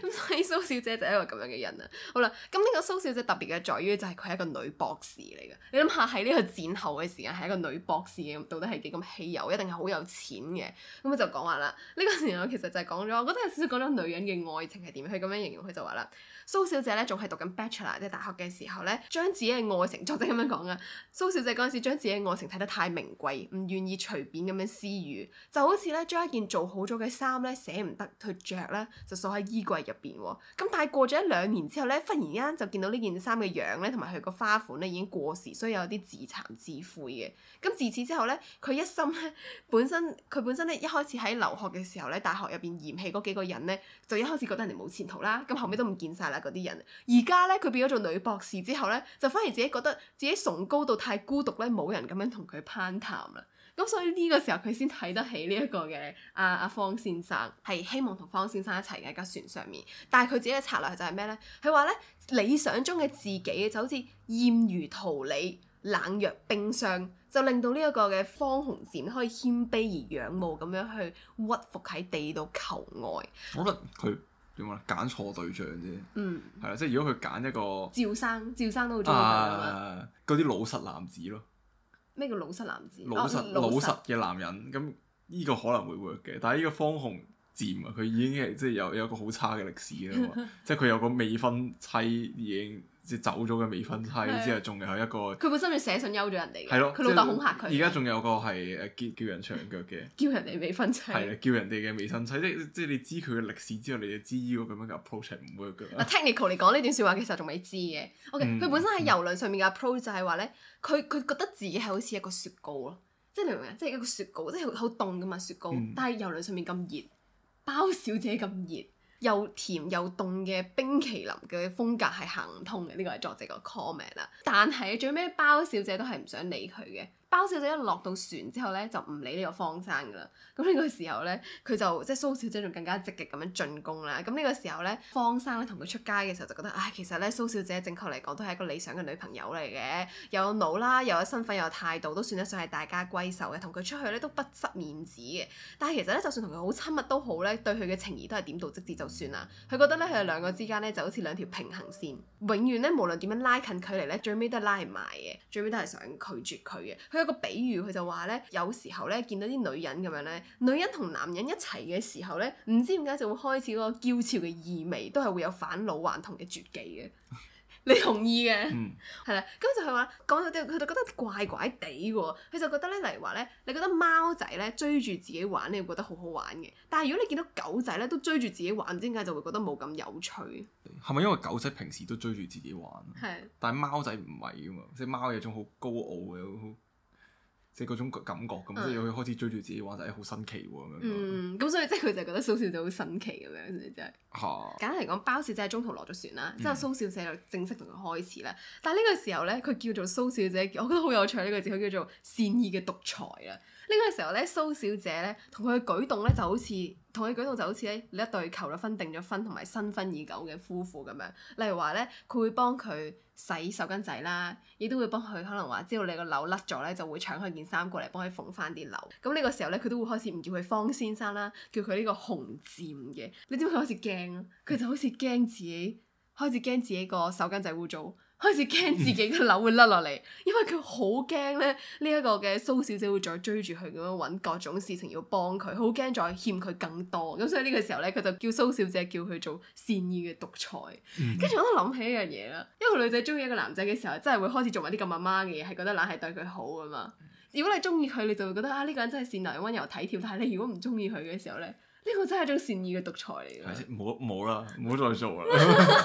咁所以蘇小姐就係一個咁樣嘅人啦。好啦，咁呢個蘇小姐特別嘅在於就係佢係一個女博士嚟嘅。你諗下喺呢個戰後嘅時間，係一個女博士嘅，到底係幾咁稀有？一定係好有錢嘅。咁佢就講話啦，呢個時候其實就係講咗，我覺得有少少講咗女人嘅愛情係點。佢咁樣形容，佢就話啦，蘇小姐呢，仲係讀緊 bachelor 即係大學嘅時候呢，將自己嘅愛情作者咁樣講啊。蘇小姐嗰陣時將自己嘅愛情睇得太名貴，唔願意隨便咁樣私語，就好似呢將一件做好咗嘅衫呢，捨唔得佢。著咧就鎖喺衣櫃入邊喎，咁但係過咗一兩年之後咧，忽然間就見到呢件衫嘅樣咧，同埋佢個花款咧已經過時，所以有啲自慚自悔嘅。咁自此之後咧，佢一心咧，本身佢本身咧，一開始喺留學嘅時候咧，大學入邊嫌棄嗰幾個人咧，就一開始覺得人哋冇前途啦，咁後尾都唔見晒啦嗰啲人。而家咧佢變咗做女博士之後咧，就反而自己覺得自己崇高到太孤獨咧，冇人咁樣同佢攀談啦。咁所以呢個時候佢先睇得起呢一個嘅阿阿方先生，係希望同方先生一齊嘅喺架船上面。但係佢自己嘅策略就係咩呢？佢話咧理想中嘅自己就好似豔如桃李，冷若冰霜，就令到呢一個嘅方鴻漸可以謙卑而仰慕咁樣去屈服喺地度求愛。可能佢點講咧？揀錯對象啫。嗯，係啦，即係如果佢揀一個趙生，趙生都好中意佢嗰啲老實男子咯。咩叫老實男子？老實、oh, 老實嘅男人，咁呢個可能會 work 嘅。但係呢個方鴻漸啊，佢已經係即係有有個好差嘅歷史啊嘛，即係佢有個未婚妻已經。即走咗嘅未婚妻之後的，仲有一個。佢本身要寫信休咗人哋，係佢老豆恐嚇佢。而家仲有個係誒叫叫人長腳嘅，叫人哋未婚妻。係啊，叫人哋嘅未婚妻，即即你知佢嘅歷史之後，你就知依個咁樣嘅 approach 係唔 work 嘅。嗱，technical 嚟講呢段說話其實仲未知嘅。OK，佢、嗯、本身喺遊輪上面嘅 approach 就係話咧，佢佢覺得自己係好似一個雪糕咯，即你明唔明？即一個雪糕，即好好凍㗎嘛雪糕，雪糕但係遊輪上面咁熱，包小姐咁熱。又甜又凍嘅冰淇淋嘅風格係行唔通嘅，呢個係作者個 comment 啦。但係最尾包小姐都係唔想理佢嘅。包小姐一落到船之後咧，就唔理呢個方生噶啦。咁呢個時候咧，佢就即係蘇小姐仲更加積極咁樣進攻啦。咁呢個時候咧，方生咧同佢出街嘅時候就覺得，唉、哎，其實咧蘇小姐正確嚟講都係一個理想嘅女朋友嚟嘅，又有腦啦，又有身份，又有態度，都算得上係大家閨秀嘅。同佢出去咧都不失面子嘅。但係其實咧，就算同佢好親密都好咧，對佢嘅情義都係點到即止就算啦。佢覺得咧佢哋兩個之間咧就好似兩條平衡線，永遠咧無論點樣拉近距離咧，最尾都拉唔埋嘅，最尾都係想拒絕佢嘅。一個比喻，佢就話咧，有時候咧見到啲女人咁樣咧，女人同男人一齊嘅時候咧，唔知點解就會開始嗰個嬌俏嘅意味，都係會有返老還童嘅絕技嘅。 你同意嘅，係啦、嗯。咁就係話講到啲，佢就覺得怪怪地喎。佢就覺得咧，例如話咧，你覺得貓仔咧追住自己玩，你會覺得好好玩嘅。但係如果你見到狗仔咧都追住自己玩，唔知點解就會覺得冇咁有，有趣。係咪因為狗仔平時都追住自己玩？係的。但係貓仔唔係㗎嘛，即係貓有種好高傲嘅。即係嗰種感覺咁，嗯、即係佢開始追住自己玩就好、係、新奇喎咁、嗯、樣。嗯，咁所以即係佢就覺得蘇小姐好新奇咁樣，即係。啊、簡單嚟講，包小姐係中途落咗船啦，嗯、之後蘇小姐就正式同佢開始啦。但係呢個時候咧，佢叫做蘇小姐，我覺得好有趣呢、呢個字，佢叫做善意嘅獨裁啦。個呢，呢、嗯這個時候呢，蘇小姐呢，同佢嘅舉動呢，就好似同佢舉動就好似呢，你一對求咗婚、定咗婚同埋新婚已久嘅夫婦咁樣。例如話呢，佢會幫佢洗手巾仔啦，亦都會幫佢可能話知道你個縫甩咗呢，就會搶佢件衫過嚟幫佢縫翻啲縫。咁呢個時候呢，佢都會開始唔叫佢方先生啦，叫佢呢個鴻漸嘅。你知唔知佢開始驚？佢就好似驚自己，開始驚自己個手巾仔污糟。開始驚自己嘅樓會甩落嚟，因為佢好驚咧呢一個嘅蘇小姐會再追住佢咁樣揾各種事情要幫佢，好驚再欠佢更多。咁所以呢個時候咧，佢就叫蘇小姐叫佢做善意嘅獨裁。跟住、嗯、我都諗起一樣嘢啦，一個女仔中意一個男仔嘅時候，真係會開始做埋啲咁阿媽嘅嘢，係覺得懶係對佢好啊嘛。如果你中意佢，你就會覺得啊，呢個人真係善良溫柔體貼。但係你如果唔中意佢嘅時候咧，呢個真係一種善意嘅獨裁嚟嘅，冇冇啦，唔好再做啦，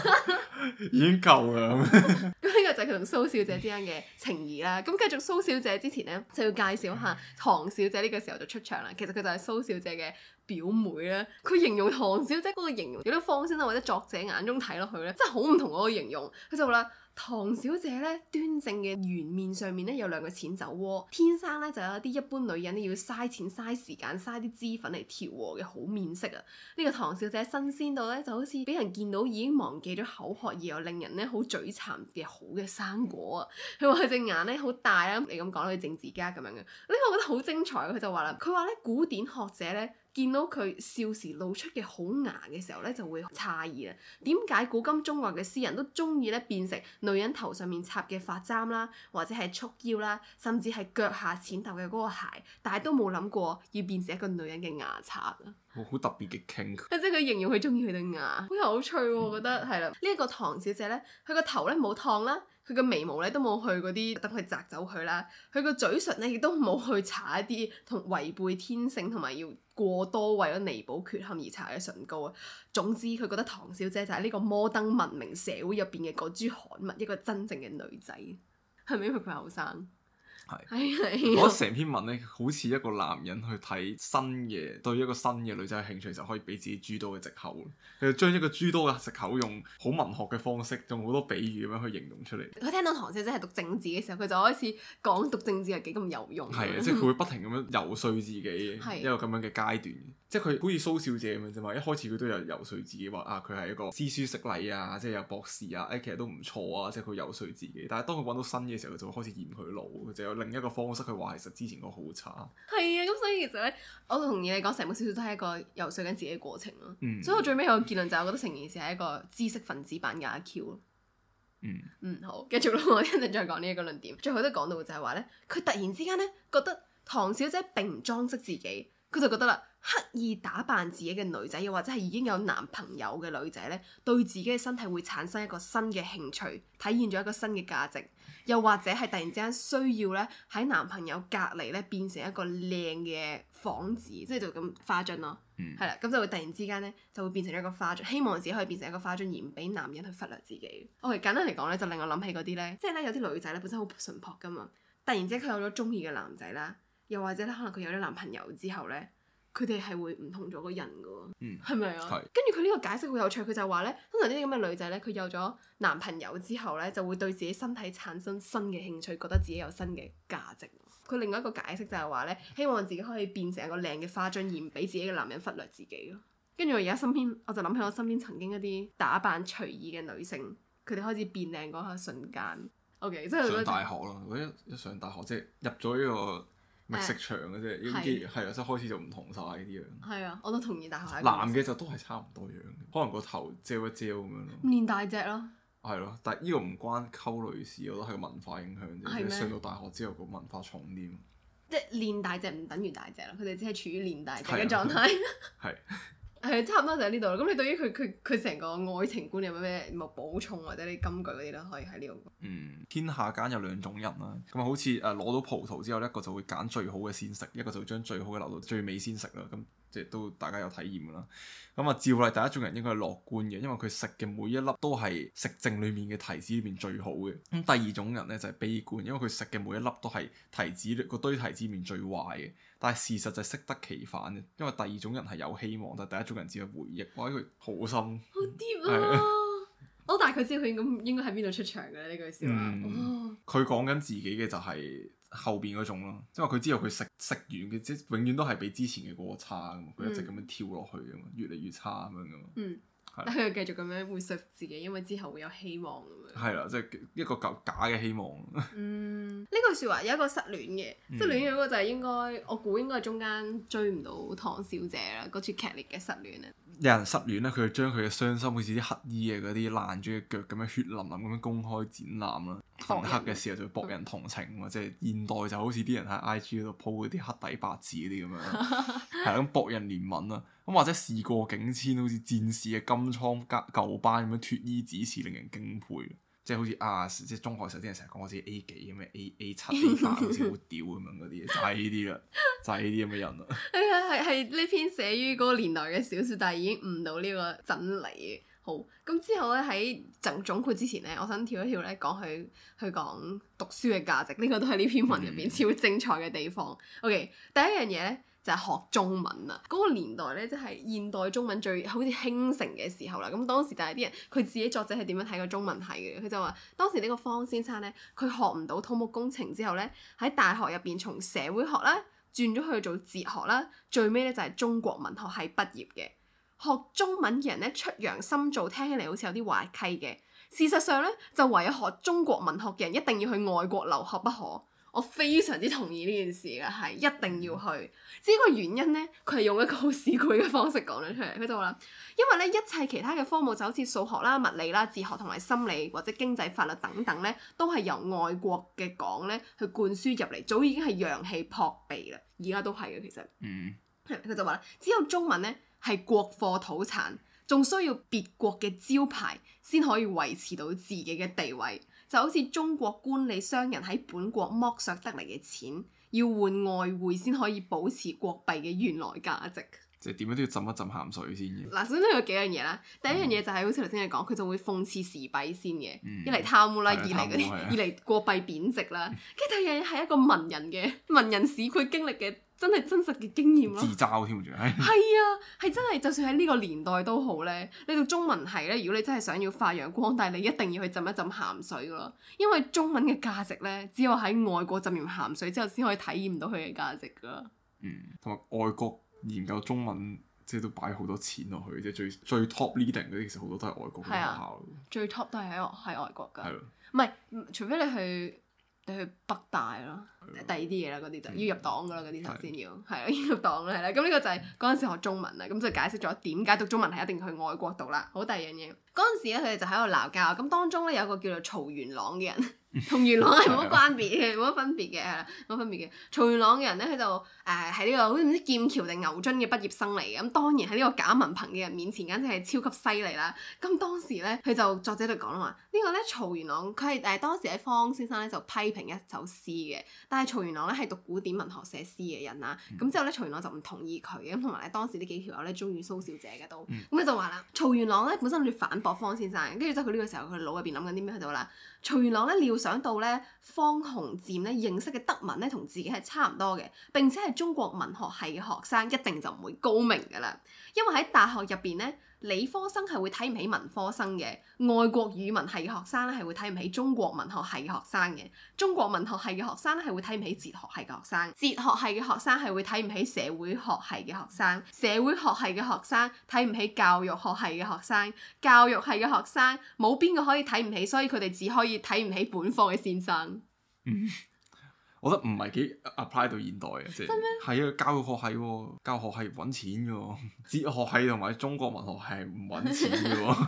已經夠啦。咁，呢個就係佢同蘇小姐之間嘅情誼啦。咁繼續蘇小姐之前呢，就要介紹下唐小姐呢個時候就出場啦。其實佢就係蘇小姐嘅表妹咧，佢形容唐小姐嗰個形容，喺啲方先生或者作者眼中睇落去咧，真係好唔同嗰個形容。佢就話啦，唐小姐咧端正嘅圓面上面咧有兩個淺酒窩，天生咧就有一啲一般女人要嘥錢嘥時間嘥啲脂粉嚟調和嘅好面色啊。呢、這個唐小姐新鮮到咧，就好似俾人見到已經忘記咗口渴，而又令人咧好嘴饞嘅好嘅生果啊。佢話佢隻眼咧好大啊，你咁講啦，佢政治家咁樣嘅。呢個我覺得好精彩，佢就話啦，佢話咧古典學者咧。見到佢笑時露出嘅好牙嘅時候呢，就會詫異啦。點解古今中外嘅詩人都中意咧變成女人頭上面插嘅髮簪啦、啊，或者係束腰啦、啊，甚至係腳下淺踏嘅嗰個鞋，但係都冇諗過要變成一個女人嘅牙刷啦、啊。好特別嘅傾，即係佢形容佢中意佢對牙，好有趣喎，我覺得係啦、啊，呢一、嗯呢個唐小姐呢，佢個頭呢冇燙啦、啊，佢個眉毛呢都冇去嗰啲等佢摘走佢啦、啊，佢個嘴唇呢亦都冇去擦一啲同違背天性同埋要。過多為咗彌補缺陷而搽嘅唇膏啊！總之佢覺得唐小姐就係呢個摩登文明社會入邊嘅嗰株罕物，一個真正嘅女仔，係咪因為佢後生？係， 我覺得成篇文咧，好似一個男人去睇新嘅對一個新嘅女仔嘅興趣就可以俾自己諸多嘅藉口。佢就將一個諸多嘅藉口用好文學嘅方式，用好多比喻咁樣去形容出嚟。佢聽到唐小姐係讀政治嘅時候，佢就開始講讀政治係幾咁有用。係啊，即係佢會不停咁樣游説自己一個咁樣嘅階段。即係佢好似蘇小姐咁樣啫嘛。一開始佢都有游説自己話啊，佢係一個知書識禮啊，即係有博士啊，誒、啊，其實都唔錯啊。即係佢游説自己，但係當佢揾到新嘅時候，佢就會開始嫌佢老，就有另一個方式去話其實之前個好差。係啊，咁所以其實呢，我同意你講，成本小説都係一個游説緊自己嘅過程咯。嗯，所以我最尾個結論就係我覺得成件事係一個知識分子版嘅阿 Q 咯。嗯嗯，好，繼續啦，我一陣再講呢一個論點。最後都講到就係話呢，佢突然之間呢，覺得唐小姐並唔裝飾自己，佢就覺得啦。刻意打扮自己嘅女仔，又或者係已經有男朋友嘅女仔呢，對自己嘅身體會產生一個新嘅興趣，體現咗一個新嘅價值，又或者係突然之間需要呢，喺男朋友隔籬呢變成一個靚嘅幌子，即係就咁花樽咯，係啦、嗯，咁就會突然之間呢，就會變成一個花樽，希望自己可以變成一個花樽，而唔俾男人去忽略自己。我、okay, 簡單嚟講呢，就令我諗起嗰啲呢，即係呢，有啲女仔呢本身好純樸噶嘛，突然之間佢有咗中意嘅男仔啦，又或者呢可能佢有咗男朋友之後呢。佢哋係會唔同咗個人嘅喎，係咪啊？跟住佢呢個解釋好有趣，佢就話咧，通常呢啲咁嘅女仔呢，佢有咗男朋友之後呢，就會對自己身體產生新嘅興趣，覺得自己有新嘅價值。佢另外一個解釋就係話呢，希望自己可以變成一個靚嘅花樽，而唔俾自己嘅男人忽略自己咯。跟住我而家身邊，我就諗起我身邊曾經一啲打扮隨意嘅女性，佢哋開始變靚嗰下瞬間。O K，即係上大學咯，一上大學即係是入咗呢、這個。咪食場嘅啫，啲基係啊，即係、欸、開始就唔同晒呢啲樣。係啊，我都同意大學男嘅就都係差唔多樣，可能個頭遮一遮咁樣咯。練大隻咯。係咯，但係呢個唔關溝女事，我覺得係個文化影響啫。嗎上到大學之後個文化重啲。即係練大隻唔等於大隻咯，佢哋只係處於練大隻嘅狀態。係、啊。係差唔多就喺呢度。咁你對於佢佢佢成個愛情觀有冇咩冇補充或者啲金句嗰啲咧？可以喺呢度。嗯，天下間有兩種人啦。咁啊，好似誒攞到葡萄之後，一個就會揀最好嘅先食，一個就會將最好嘅留到最尾先食啦。咁即係都大家有體驗㗎啦。咁啊，照例第一種人應該係樂觀嘅，因為佢食嘅每一粒都係食剩裡面嘅提子裏面最好嘅。咁、嗯、第二種人呢，就係、是、悲觀，因為佢食嘅每一粒都係提子個堆提子裏邊最壞嘅。但係事實就適得其反嘅，因為第二種人係有希望，但係第一種人只有回憶，關佢、這個、好深。好癲啊！我、 哦、但係佢知道佢應該喺邊度出場嘅。呢句笑話。佢講緊自己嘅就係後邊嗰種咯、就是，即係佢知道佢食食完嘅即永遠都係比之前嘅嗰個差嘅嘛，佢一直咁樣跳落去嘅嘛，嗯、越嚟越差咁樣嘅嘛。嗯但佢繼續咁樣會說服自己，因為之後會有希望咁樣。係啦，即係一個假假嘅希望。嗯，呢句説話有一個失戀嘅，嗯、失戀嗰個就係應該，我估應該係中間追唔到唐小姐啦，嗰次劇烈嘅失戀啊！有人失戀咧，佢就將佢嘅傷心好似啲乞衣嘅嗰啲爛咗嘅腳咁樣血淋淋咁樣公開展覽啦。同黑嘅時候就博人同情喎，嗯、即係現代就好似啲人喺 IG 嗰度 po 嗰啲黑底白字嗰啲咁樣，係咁 博人憐憫啊。咁或者事過境遷，好似戰士嘅金瘡舊斑咁樣脫衣指示，令人敬佩。即係好似啊，即係中學時候啲人成日講我寫 A 幾咁樣，A A 七好似好屌咁樣嗰啲，就係呢啲啦，就係呢啲咁嘅人咯。係啊，係係呢篇寫於嗰個年代嘅小説，但係已經悟到呢個真理。好，咁之後咧，喺贈總括之前咧，我想跳一跳咧講去去講讀書嘅價值，呢個都係呢篇文入邊 超精彩嘅地方。OK，第一樣嘢。就係學中文啦，嗰個年代咧，即係現代中文最好似興盛嘅時候啦。咁當時但係啲人佢自己作者係點樣睇個中文系嘅？佢就話當時呢個方先生呢，佢學唔到土木工程之後呢，喺大學入邊從社會學啦轉咗去做哲學啦，最尾咧就係中國文學系畢業嘅。學中文嘅人咧出洋深造，聽起嚟好似有啲滑稽嘅。事實上呢，就唯有學中國文學嘅人一定要去外國留學不可。我非常之同意呢件事嘅，係一定要去。至於個原因呢，佢係用一個好市儈嘅方式講咗出嚟。佢就話因為咧一切其他嘅科目就好似數學啦、物理啦、哲學同埋心理或者經濟、法律等等呢，都係由外國嘅講呢去灌輸入嚟，早已經係洋氣撲鼻啦。而家都係嘅其實。嗯。佢就話只有中文呢係國貨土產，仲需要別國嘅招牌先可以維持到自己嘅地位。就好似中國官吏商人喺本國剝削得嚟嘅錢，要換外匯先可以保持國幣嘅原來價值。即係點樣都要浸一浸咸水先嘅。嗱，首先有幾樣嘢啦。第一樣嘢就係好似頭先你講，佢就會諷刺時弊先嘅，嗯、一嚟貪污啦，二嚟二嚟來貨幣貶值啦。跟住第二樣嘢係一個文人嘅文人史，佢經歷嘅真係真實嘅經驗咯。自嘲添住係啊，係真係，就算喺呢個年代都好咧，你讀中文係咧，如果你真係想要發揚光大，但你一定要去浸一浸咸水咯。因為中文嘅價值咧，只有喺外國浸完咸水之後，先可以體驗到佢嘅價值噶啦。嗯，同埋外國。研究中文，即係都擺好多錢落去，即係最最 top leading 嗰啲，其實好多都係外國嘅學校，啊。最 top 都係喺外喺外國㗎，唔係、啊、除非你去你去北大咯。第二啲嘢啦，嗰啲就、嗯、要入黨噶啦，嗰啲首先要，係啦是，要入黨啦，係啦。咁呢個就係嗰陣時學中文啦，咁就解釋咗點解讀中文係一定要去外國讀啦。好，第二樣嘢，嗰陣時咧佢哋就喺度鬧交，咁當中咧有一個叫做曹元朗嘅人，同 元朗係冇乜關別嘅，冇的分別嘅，冇乜分別嘅。曹元朗嘅人咧，佢就誒喺呢個好似唔知劍橋定牛津嘅畢業生嚟嘅，咁當然喺呢個假文憑嘅人面前，簡直係超級犀利啦。咁當時咧，佢就作者就講啦嘛，這個、呢個咧曹元朗佢係誒當時喺方先生咧就批評一首詩嘅，但係曹元朗咧係讀古典文學寫詩嘅人啦，咁之、嗯、後咧曹元朗就唔同意佢，咁同埋咧當時呢幾條友咧中意蘇小姐嘅都，咁佢、嗯、就話啦，曹元朗咧本身諗住反駁方先生，跟住之後佢呢個時候佢腦入邊諗緊啲咩佢就話啦，曹元朗咧料想到咧方鴻漸咧認識嘅德文咧同自己係差唔多嘅，並且係中國文學系嘅學生一定就唔會高明噶啦，因為喺大學入邊咧。理科生係會睇唔起文科生嘅，外國語文系嘅學生咧係會睇唔起中國文學系嘅學生嘅，中國文學系嘅學生咧係會睇唔起哲學系嘅學生，哲學系嘅學生係會睇唔起社會學系嘅學生，社會學系嘅學生睇唔起教育學系嘅學生，教育系嘅學生冇邊個可以睇唔起，所以佢哋只可以睇唔起本科嘅先生。 我覺得唔係幾 apply 到現代嘅，即、啊、係啊。教育學系，教學系搵錢嘅喎，哲學系同埋中國文學系唔搵錢嘅喎。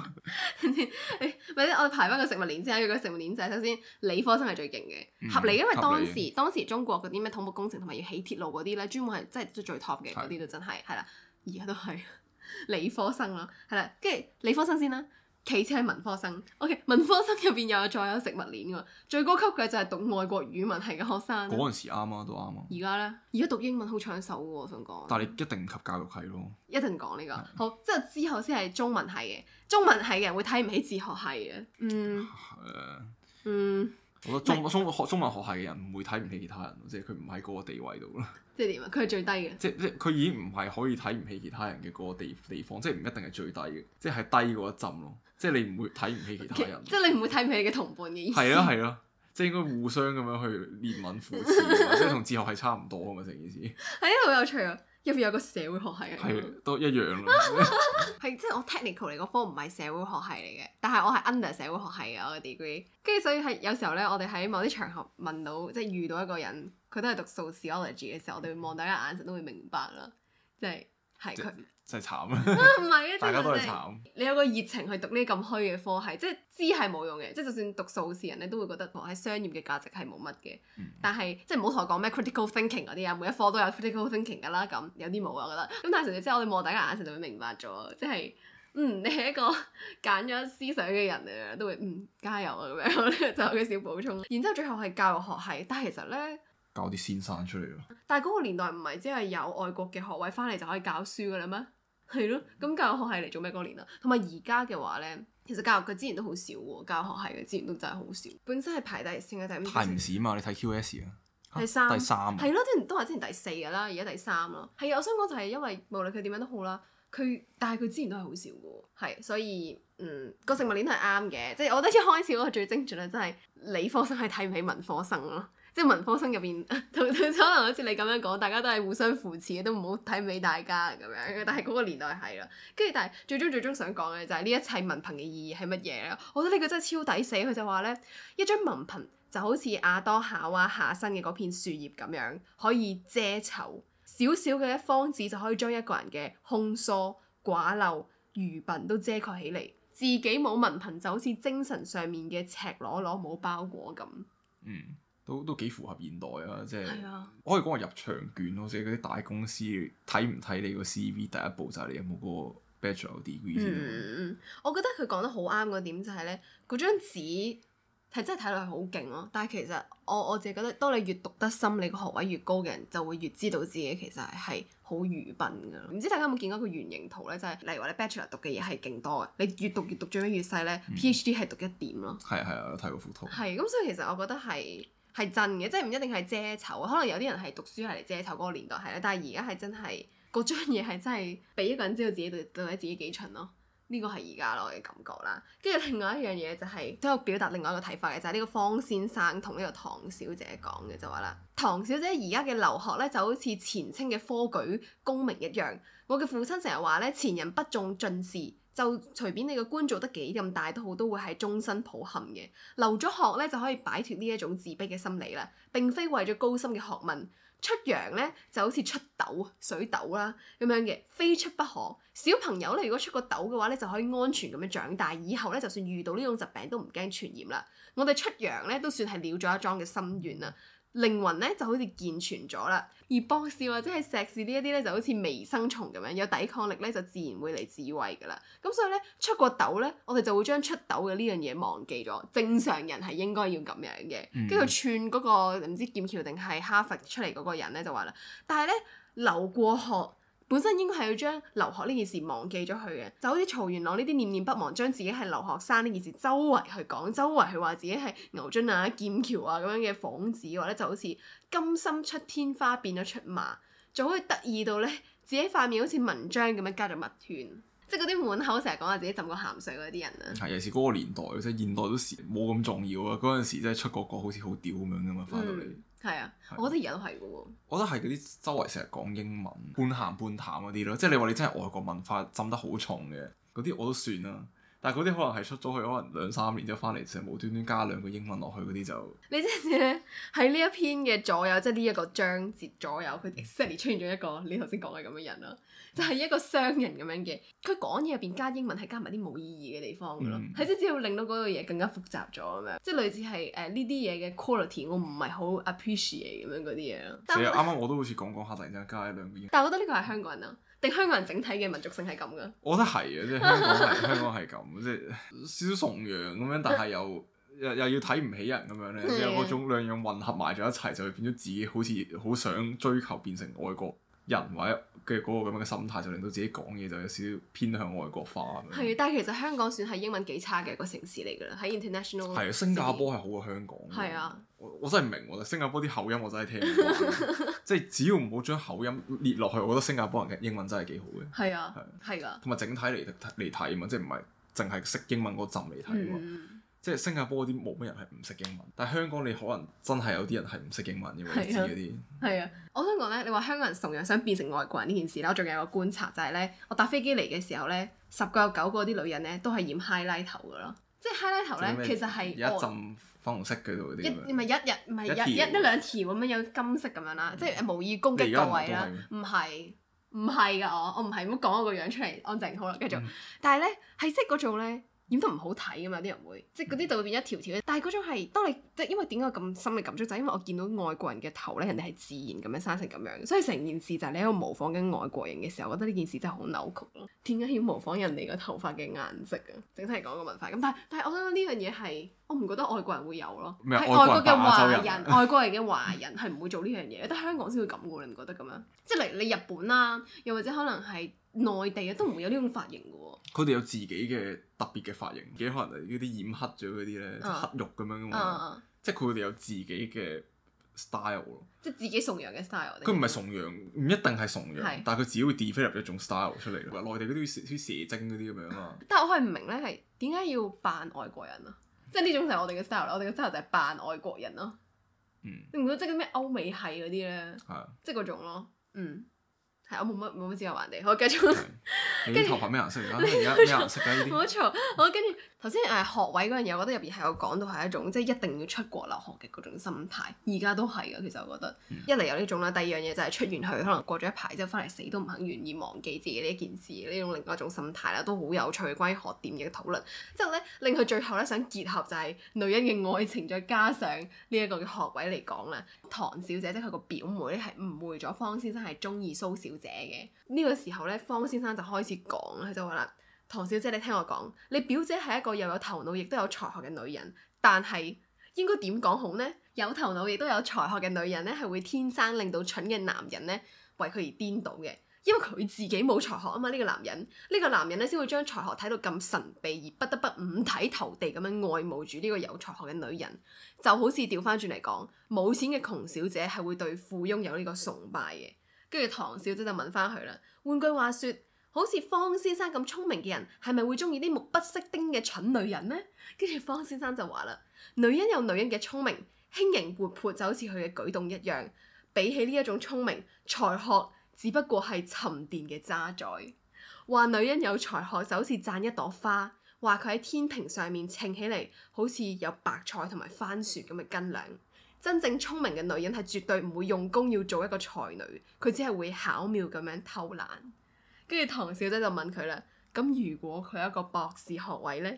唔係咧，我哋排翻個食物鏈先啊。佢個食物鏈就係首先理科生係最勁嘅，嗯、合理，因為當時理當時中國嗰啲咩土木工程同埋要起鐵路嗰啲咧，專門係即係最 top 嘅嗰啲，是都真係係啦。而家都係理科生啦，係啦，跟住理科生先啦。其次係文科生，OK，文科生入邊又有再有食物鏈喎、啊，最高級嘅就係讀外國語文系嘅學生、啊。嗰陣時啱啊，都啱啊。而家呢，而家讀英文好搶手嘅、啊、喎，我想講。但係你一定唔及教育系咯。一定講呢個的好，即係之後先係中文系嘅，中文系嘅人會睇唔起哲學系嘅。嗯。誒的。嗯。我覺得中中學的中文學系嘅人唔會睇唔起其他人，即係佢唔喺嗰個地位度啦。即係點啊？佢係最低嘅。即即佢已經唔係可以睇唔起其他人嘅嗰個地地方，即係唔一定係最低嘅，即、就、係、是、低過一浸咯。即係你唔會睇唔起其他人，即係你唔會睇唔起你嘅同伴嘅意思。係咯係咯，即係應該互相咁樣去憐憫扶持， 即係同自學係差唔多啊嘛，成件事。係啊，好有趣啊！入面有個社會學系。啊，都一樣咯。係即係我 technical 嚟嗰科唔係社會學系嚟嘅，但係我係 under 社會學系啊個 degree。跟住所以係有時候咧，我哋喺某啲場合問到，即係遇到一個人，佢都係讀 sociology 嘅時候，我哋會望大家眼神都會明白啦，即係係佢。真係慘啊！唔係、啊， 大家都係慘。你有個熱情去讀呢啲咁虛嘅科，係即係知係冇用嘅。即係就算讀數字人咧，都會覺得喎，喺、哦、商業嘅價值係冇乜嘅。嗯、但係即係唔好同我講咩 critical thinking 嗰啲啊，每一科都有 critical thinking 㗎啦。咁有啲冇啊，我覺得。咁但係成日之後，我哋望大家眼神就會明白咗，即係嗯，你係一個揀 咗思想嘅人嚟都會嗯加油啊咁樣。 就有少少補充。然之後最後係教育學系，但係其實咧，教啲先生出嚟咯。但係嗰個年代唔係即係有外國嘅學位翻嚟就可以教書㗎啦咩？係咯，咁教育學系嚟做咩過年啊？同埋而家嘅話呢，其實教育佢之前都好少嘅喎，教育學系嘅之前都真係好少。本身係排第四嘅，第四。排唔死啊！你睇 Q S 啊，第三，第三，啊，係咯，之前都話之前第四噶啦，而家第三啦。係啊，我想講就係因為無論佢點樣都好啦，佢但係佢之前都係好少嘅喎，係所以嗯，個食物鏈係啱嘅，即係我覺得一開始我個最精準啊，真係理科生係睇唔起文科生咯。即係文科生入邊，同 同可能好似你咁樣講，大家都係互相扶持，都唔好睇唔起大家咁樣。但係嗰個年代係啦，跟住但係最終最終想講嘅就係呢一切文憑嘅意義係乜嘢咧？我覺得呢個真係超抵死。佢就話呢一張文憑就好似亞當夏娃下身嘅嗰片樹葉咁樣，可以遮醜，小小嘅一方紙，就可以將一個人嘅空疏寡陋愚笨都遮蓋起嚟。自己冇文憑就好似精神上面嘅赤裸裸冇包裹咁。嗯。都都幾符合現代啊！即係可以講係入場券咯，即係嗰啲大公司睇唔睇你個 CV，第一步就係你有冇嗰個 Bachelor degree 先。嗯嗯嗯，我覺得佢講得好啱嗰點就係咧，嗰張紙係真係睇落去好勁咯。但係其實我我自己覺得，當你越讀得深，你個學位越高嘅人就會越知道自己其實係好愚笨㗎。唔知大家有冇見過一個圓形圖咧？就係例如話你 Bachelor 讀嘅嘢係勁多嘅，你越讀越讀最尾越細咧，PhD 係讀一點咯。係係啊，我睇過幅圖。係，咁所以其實我覺得係。係真嘅，即係唔一定係遮醜，可能有啲人係讀書係嚟遮醜嗰個年代係啦。但係而家係真係嗰張嘢係真係俾一個人知道自己到底自己幾蠢咯。呢個係而家我嘅感覺啦。跟住另外一樣嘢就係都有表達另外一個睇法嘅，就係、是、呢個方先生同呢個唐小姐講嘅就話啦，唐小姐而家嘅留學呢，就好似前清嘅科舉功名一樣。我嘅父親成日話呢，「前人不中進士。就隨便你個官做得幾咁大都好，都會係終身抱憾嘅。留咗學咧就可以擺脱呢一種自卑嘅心理啦。並非為咗高深嘅學問，出洋咧就好似出痘水痘啦咁樣嘅，非出不可。小朋友咧，如果出個痘嘅話咧，就可以安全咁樣長大，以後咧就算遇到呢種疾病都唔驚傳染啦。我哋出洋咧都算係了咗一樁嘅心願啦。靈魂咧就好似健全咗啦，而博士或者係碩士呢一啲咧就好似微生物咁樣有抵抗力咧，就自然會嚟自慰噶啦。咁所以咧出過痘咧，我哋就會將出痘嘅呢樣嘢忘記咗。正常人係應該要咁樣嘅，跟住、嗯、串嗰、嗰個唔知劍橋定係哈佛出嚟嗰個人咧就話啦，但係咧流過學。本身應該係要將留學呢件事忘記咗佢嘅，就好似曹元朗呢啲念念不忘將自己係留學生呢件事周圍去講，周圍去話自己係牛津啊劍橋啊咁樣嘅幌子嘅話咧，或者就好似甘心出天花變咗出馬，仲可以得意到咧自己塊面好似文章咁樣加咗密圈，即係嗰啲門口成日講話自己浸過鹹水嗰啲人啊。係，尤其是嗰個年代，即係現代都時冇咁重要啊。嗰陣時真係出國國好似好屌咁樣噶嘛，翻到嚟。嗯係啊，我覺得而家都係嘅喎。我覺得係嗰啲周圍成日講英文、半鹹半淡嗰啲咯，即係你話你真係外國文化浸得好重嘅嗰啲我都算啦。但係嗰啲可能係出咗去可能兩三年之後翻嚟，成日無端端加兩個英文落去嗰啲就。你知唔知即係喺呢一篇嘅左右，即係呢一個章節左右，佢 exactly 出現咗一個你頭先講嘅咁嘅人啊。就係一個商人咁樣嘅，佢講嘢入邊加英文係加埋啲冇意義嘅地方嘅咯，係即係只要令到嗰個嘢更加複雜咗咁樣，嗯、即係類似係誒呢啲嘢嘅 quality，我唔係好 appreciate 咁樣嗰啲嘢。其實啱啱我都好似講講下，突然之間加一兩個英。但係我覺得呢個係香港人啊，定香港人整體嘅民族性係咁嘅？我覺得係啊，即係香港係 香港係咁，即係少少崇洋咁樣，但係又 又又要睇唔起人咁樣咧， 即係嗰 種兩樣混合埋咗一齊，就會變咗自己好似好想追求變成外國人或者。嘅嗰個咁樣嘅心態，就令到自己講嘢就有少少偏向外國化。係，但係其實香港算係英文幾差嘅一個城市嚟㗎啦。喺 international 係新加坡係好過香港。係的我我真係唔明喎，新加坡啲口音我真係聽唔到。即係 只要唔好將口音列落去，我覺得新加坡人嘅英文真係幾好嘅。係啊，係㗎。同埋整體嚟嚟睇啊嘛，即係唔係淨係識英文嗰陣嚟睇㗎。嗯即係新加坡嗰啲冇乜人係唔識英文，但係香港你可能真係有啲人係唔識英文嘅位置嗰啲。係啊，啊，我想講咧，你話香港人同樣想變成外國人呢件事咧，我仲有個觀察就係、是、咧，我搭飛機嚟嘅時候咧，十個有九個啲女人咧都係染 highlight 頭噶咯，即係 highlight 頭咧，有其實係一浸粉紅色嗰度嗰啲，一唔係一日唔係一一一兩條咁樣有金色咁樣啦，即係、嗯、無意攻擊個位啦，唔係唔係噶，我我唔係唔好講我個樣出嚟，安靜好啦，繼續，嗯、但係咧係識嗰種咧。染得唔好睇㗎嘛，啲人會即嗰啲就會變一條條，但係嗰種係，當你即因為點解咁深嘅感觸就係、是、因為我見到外國人嘅頭咧，人哋係自然咁樣生成咁樣，所以成件事就係你喺度模仿緊外國人嘅時候，我覺得呢件事真係好扭曲咯。點解要模仿人哋嘅頭髮嘅顏色啊？整體講個文化咁，但係但係，我覺得呢樣嘢係我唔覺得外國人會有咯，係麼外國嘅華人， 外國人嘅華人係唔會做呢樣嘢，得香港先會咁喎，你唔覺得咁啊？即係嚟你日本啦、啊，又或者可能係。內地啊，都唔會有呢種髮型嘅喎。佢哋有自己嘅特別嘅髮型，幾可能係啲染黑咗嗰啲咧，uh, 黑肉咁樣嘅嘛。Uh, uh. 即係佢哋有自己嘅 style 咯。即係自己崇洋嘅 style。佢唔係崇洋，唔一定係崇洋，是但係佢自己會 develop 一種 style 出嚟咯。內地嗰啲蛇精嗰啲咁樣啊。但係我係唔明咧，係點解要扮外國人啊？即係呢種就係我哋嘅 style 啦。我哋嘅 style 就係扮外國人咯。嗯，你唔覺得即係咩歐美系嗰啲咧？即係嗰種咯。嗯。係，我冇乜冇乜資格話人哋，我繼續、嗯。你頭髮咩顏色？而家咩顏色？冇錯些，我跟住。頭先誒學位嗰樣嘢，我覺得入邊係有講到係一種即係一定要出國留學嘅嗰種心態，而家都係嘅。其實我覺得一嚟有呢種啦，第二樣嘢就係出完去可能過咗一排之後翻嚟，死都唔肯願意忘記自己呢一件事呢種另外一種心態啦，都好有趣關於學點嘅討論。之後咧令佢最後咧想結合就係女人嘅愛情，再加上呢一個嘅學位嚟講啦，唐小姐即係佢個表妹咧係誤會咗方先生係中意蘇小姐嘅。呢個時候咧，方先生就開始講啦，佢就話啦。唐小姐，你聽我講，你表姐係一個又有頭腦亦都有才學嘅女人，但係應該點講好呢？有頭腦亦都有才學嘅女人咧，係會天生令到蠢嘅男人咧為佢而顛倒嘅，因為佢自己冇才學啊嘛。呢個男人，呢個男人咧，先會將才學睇到咁神秘，而不得不五體投地咁樣愛慕住呢個有才學嘅女人。就好似調翻轉嚟講，冇錢嘅窮小姐係會對富翁有呢個崇拜嘅。跟住唐小姐就問翻佢啦。換句話說。好似方先生咁聰明嘅人，係咪會中意啲目不識丁嘅蠢女人呢？跟住方先生就話啦，女人有女人嘅聰明，輕盈活潑就好似佢嘅舉動一樣。比起呢一種聰明，才學只不過係沉澱嘅渣滓。話女人有才學就好似讚一朵花，話佢喺天平上面稱起嚟，好似有白菜同埋番薯咁嘅斤兩。真正聰明嘅女人係絕對唔會用功要做一個才女，佢只係會巧妙咁樣偷懶。跟住唐小姐就問佢啦，咁如果佢有一個博士學位呢？」